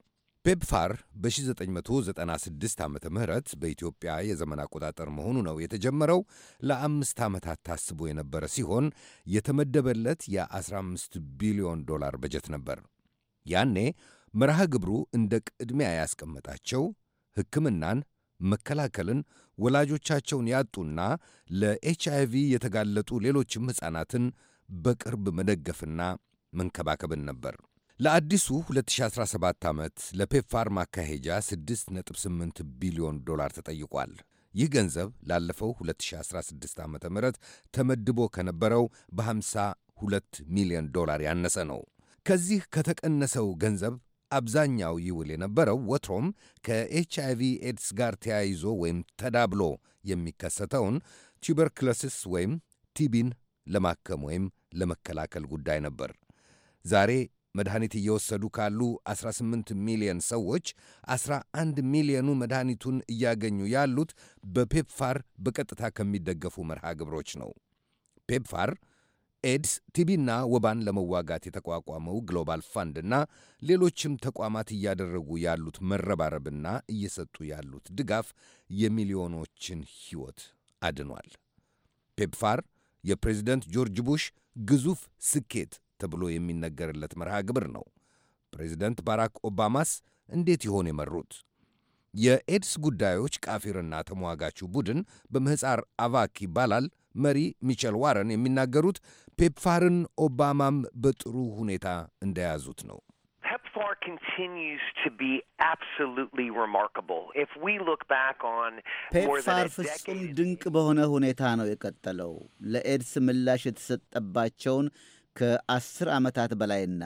ፔፕፋር በ1996 ዓ ም በኢትዮጵያ የዘመን አቆጣጠር መሆኑ ነው የተጀመረው። ለአምስት ዓመታት ታስቦ የነበረ ሲሆን የተመደበለት የ15 ቢሊዮን ዶላር በጀት ነበር። ያኔ መርሃ ግብሩ እንደ ቅድሚያ ያስቀመጣቸው ሕክምናን፣ መከላከልን፣ ወላጆቻቸውን ያጡና ለኤች ለኤችአይቪ የተጋለጡ ሌሎችም ሕፃናትን በቅርብ መደገፍና መንከባከብን ነበር። ለአዲሱ 2017 ዓመት ለፔፕፋር ማካሄጃ 6.8 ቢሊዮን ዶላር ተጠይቋል። ይህ ገንዘብ ላለፈው 2016 ዓ ም ተመድቦ ከነበረው በ52 ሚሊዮን ዶላር ያነሰ ነው። ከዚህ ከተቀነሰው ገንዘብ አብዛኛው ይውል የነበረው ወትሮም ከኤች አይቪ ኤድስ ጋር ተያይዞ ወይም ተዳብሎ የሚከሰተውን ቱበርክሎሲስ ወይም ቲቢን ለማከም ወይም ለመከላከል ጉዳይ ነበር። ዛሬ መድኃኒት እየወሰዱ ካሉ 18 ሚሊዮን ሰዎች 11 ሚሊዮኑ መድኃኒቱን እያገኙ ያሉት በፔፕፋር በቀጥታ ከሚደገፉ መርሃ ግብሮች ነው። ፔፕፋር ኤድስ፣ ቲቢና ወባን ለመዋጋት የተቋቋመው ግሎባል ፋንድ እና ሌሎችም ተቋማት እያደረጉ ያሉት መረባረብና እየሰጡ ያሉት ድጋፍ የሚሊዮኖችን ሕይወት አድኗል። ፔፕፋር የፕሬዚደንት ጆርጅ ቡሽ ግዙፍ ስኬት ተብሎ የሚነገርለት መርሃ ግብር ነው። ፕሬዚደንት ባራክ ኦባማስ እንዴት ይሆን የመሩት? የኤድስ ጉዳዮች ቃፊርና ተሟጋቹ ቡድን በምህፃር አቫክ ይባላል መሪ ሚቸል ዋረን የሚናገሩት ፔፕፋርን ኦባማም በጥሩ ሁኔታ እንደያዙት ነው። PEPFAR continues to be absolutely ፔፕፋር ፍጹም ድንቅ በሆነ ሁኔታ ነው የቀጠለው። ለኤድስ ምላሽ የተሰጠባቸውን ከ10 ዓመታት በላይና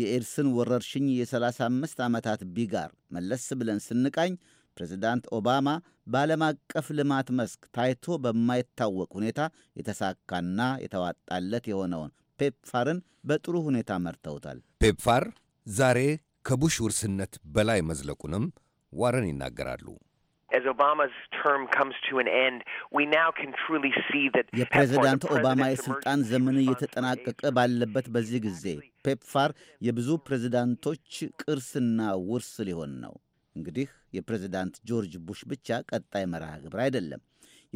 የኤድስን ወረርሽኝ የ35 ዓመታት ቢጋር መለስ ብለን ስንቃኝ ፕሬዚዳንት ኦባማ በዓለም አቀፍ ልማት መስክ ታይቶ በማይታወቅ ሁኔታ የተሳካና የተዋጣለት የሆነውን ፔፕፋርን በጥሩ ሁኔታ መርተውታል። ፔፕፋር ዛሬ ከቡሽ ውርስነት በላይ መዝለቁንም ዋረን ይናገራሉ። Obama's term comes to an end, we now can truly see that የፕሬዚዳንት ኦባማ የስልጣን ዘመን እየተጠናቀቀ ባለበት በዚህ ጊዜ ፔፕፋር የብዙ ፕሬዚዳንቶች ቅርስና ውርስ ሊሆን ነው። እንግዲህ የፕሬዚዳንት ጆርጅ ቡሽ ብቻ ቀጣይ መርሃ ግብር አይደለም።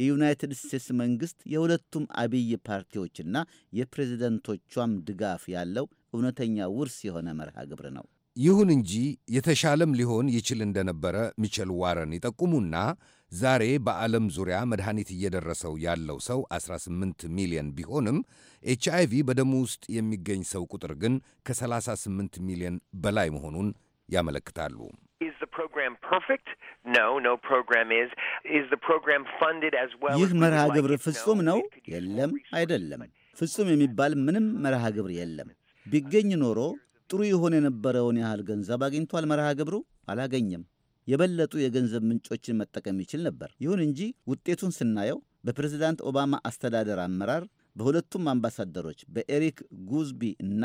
የዩናይትድ ስቴትስ መንግሥት የሁለቱም አብይ ፓርቲዎችና የፕሬዚዳንቶቿም ድጋፍ ያለው እውነተኛ ውርስ የሆነ መርሃ ግብር ነው። ይሁን እንጂ የተሻለም ሊሆን ይችል እንደነበረ ሚቸል ዋረን ይጠቁሙና ዛሬ በዓለም ዙሪያ መድኃኒት እየደረሰው ያለው ሰው 18 ሚሊዮን ቢሆንም ኤች አይቪ በደሙ ውስጥ የሚገኝ ሰው ቁጥር ግን ከ38 ሚሊዮን በላይ መሆኑን ያመለክታሉ። ይህ መርሃ ግብር ፍጹም ነው? የለም፣ አይደለም። ፍጹም የሚባል ምንም መርሃ ግብር የለም። ቢገኝ ኖሮ ጥሩ ይሆን የነበረውን ያህል ገንዘብ አግኝቷል መርሃ ግብሩ? አላገኘም። የበለጡ የገንዘብ ምንጮችን መጠቀም ይችል ነበር። ይሁን እንጂ ውጤቱን ስናየው በፕሬዝዳንት ኦባማ አስተዳደር አመራር በሁለቱም አምባሳደሮች በኤሪክ ጉዝቢ እና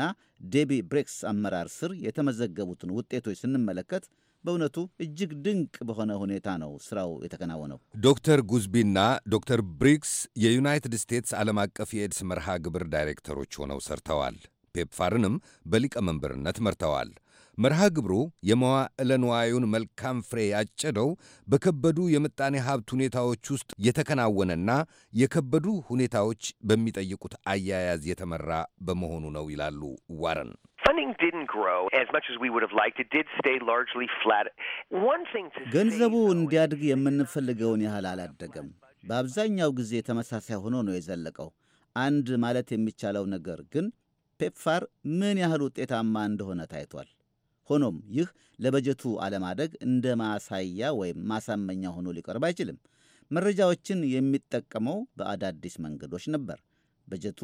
ዴቢ ብሬክስ አመራር ስር የተመዘገቡትን ውጤቶች ስንመለከት በእውነቱ እጅግ ድንቅ በሆነ ሁኔታ ነው ስራው የተከናወነው። ዶክተር ጉዝቢና ዶክተር ብሪክስ የዩናይትድ ስቴትስ ዓለም አቀፍ የኤድስ መርሃ ግብር ዳይሬክተሮች ሆነው ሰርተዋል። ፔፕፋርንም በሊቀመንበርነት መርተዋል። መርሃ ግብሩ የመዋዕለ ንዋዩን መልካም ፍሬ ያጨደው በከበዱ የምጣኔ ሀብት ሁኔታዎች ውስጥ የተከናወነና የከበዱ ሁኔታዎች በሚጠይቁት አያያዝ የተመራ በመሆኑ ነው ይላሉ ዋረን። ገንዘቡ እንዲያድግ የምንፈልገውን ያህል አላደገም። በአብዛኛው ጊዜ ተመሳሳይ ሆኖ ነው የዘለቀው። አንድ ማለት የሚቻለው ነገር ግን ፔፕፋር ምን ያህል ውጤታማ እንደሆነ ታይቷል። ሆኖም ይህ ለበጀቱ አለማደግ እንደ ማሳያ ወይም ማሳመኛ ሆኖ ሊቀርብ አይችልም። መረጃዎችን የሚጠቀመው በአዳዲስ መንገዶች ነበር። በጀቱ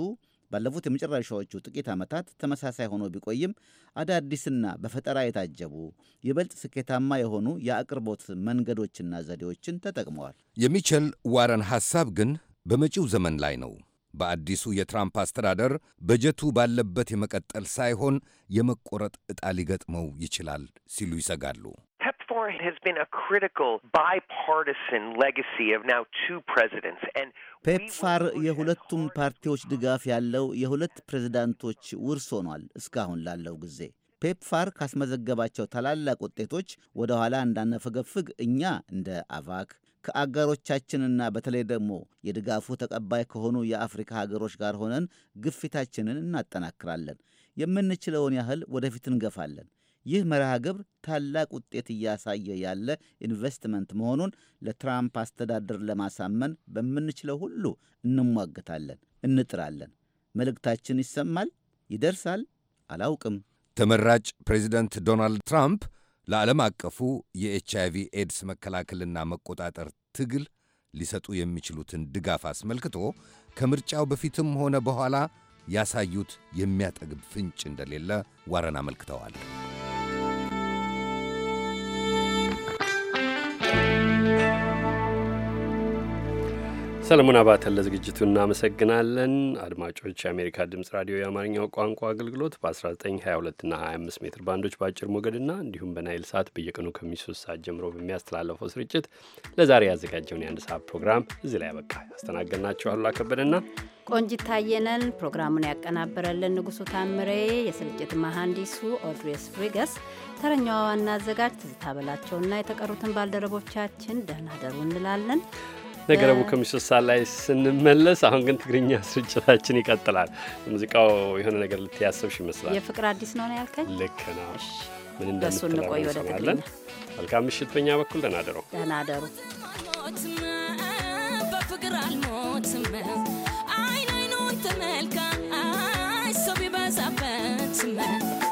ባለፉት የመጨረሻዎቹ ጥቂት ዓመታት ተመሳሳይ ሆኖ ቢቆይም አዳዲስና በፈጠራ የታጀቡ ይበልጥ ስኬታማ የሆኑ የአቅርቦት መንገዶችና ዘዴዎችን ተጠቅመዋል። የሚቸል ዋረን ሐሳብ ግን በመጪው ዘመን ላይ ነው። በአዲሱ የትራምፕ አስተዳደር በጀቱ ባለበት የመቀጠል ሳይሆን የመቆረጥ ዕጣ ሊገጥመው ይችላል ሲሉ ይሰጋሉ። ፔፕፋር የሁለቱም ፓርቲዎች ድጋፍ ያለው የሁለት ፕሬዝዳንቶች ውርስ ሆኗል። እስካሁን ላለው ጊዜ ፔፕፋር ካስመዘገባቸው ታላላቅ ውጤቶች ወደ ኋላ እንዳነፈገፍግ እኛ እንደ አቫክ ከአጋሮቻችንና በተለይ ደግሞ የድጋፉ ተቀባይ ከሆኑ የአፍሪካ ሀገሮች ጋር ሆነን ግፊታችንን እናጠናክራለን። የምንችለውን ያህል ወደፊት እንገፋለን። ይህ መርሃ ግብር ታላቅ ውጤት እያሳየ ያለ ኢንቨስትመንት መሆኑን ለትራምፕ አስተዳደር ለማሳመን በምንችለው ሁሉ እንሟገታለን፣ እንጥራለን። መልእክታችን ይሰማል፣ ይደርሳል፣ አላውቅም። ተመራጭ ፕሬዚደንት ዶናልድ ትራምፕ ለዓለም አቀፉ የኤችአይቪ ኤድስ መከላከልና መቆጣጠር ትግል ሊሰጡ የሚችሉትን ድጋፍ አስመልክቶ ከምርጫው በፊትም ሆነ በኋላ ያሳዩት የሚያጠግብ ፍንጭ እንደሌለ ዋረን አመልክተዋል። ሰለሞን አባተ ለዝግጅቱ እናመሰግናለን። አድማጮች የአሜሪካ ድምፅ ራዲዮ የአማርኛው ቋንቋ አገልግሎት በ1922 እና 25 ሜትር ባንዶች በአጭር ሞገድና እንዲሁም በናይል ሰዓት በየቀኑ ከሚሶስት ሰዓት ጀምሮ በሚያስተላለፈው ስርጭት ለዛሬ ያዘጋጀውን የአንድ ሰዓት ፕሮግራም እዚህ ላይ ያበቃ። ያስተናገድናችሁ አሉላ ከበደና ቆንጂት ታየነን። ፕሮግራሙን ያቀናበረልን ንጉሱ ታምሬ፣ የስርጭት መሐንዲሱ ኦድሬስ ሪገስ፣ ተረኛዋ ዋና አዘጋጅ ትዝታ በላቸውና የተቀሩትን ባልደረቦቻችን ደህና ደሩ እንላለን። ነገ ረቡዕ ከምሽቱ ሰዓት ላይ ስንመለስ፣ አሁን ግን ትግርኛ ስርጭታችን ይቀጥላል። ሙዚቃው የሆነ ነገር ልትያሰብሽ ይመስላል። የፍቅር አዲስ ነው ያልከኝ። ልክ ነው። ምን እንደምትለው መልካም ምሽት። በእኛ በኩል ደህና ደሩ፣ ደህና ደሩ። በፍቅር አልሞትም አይን አይኑን ተመልካ ሰው ቢበዛበትም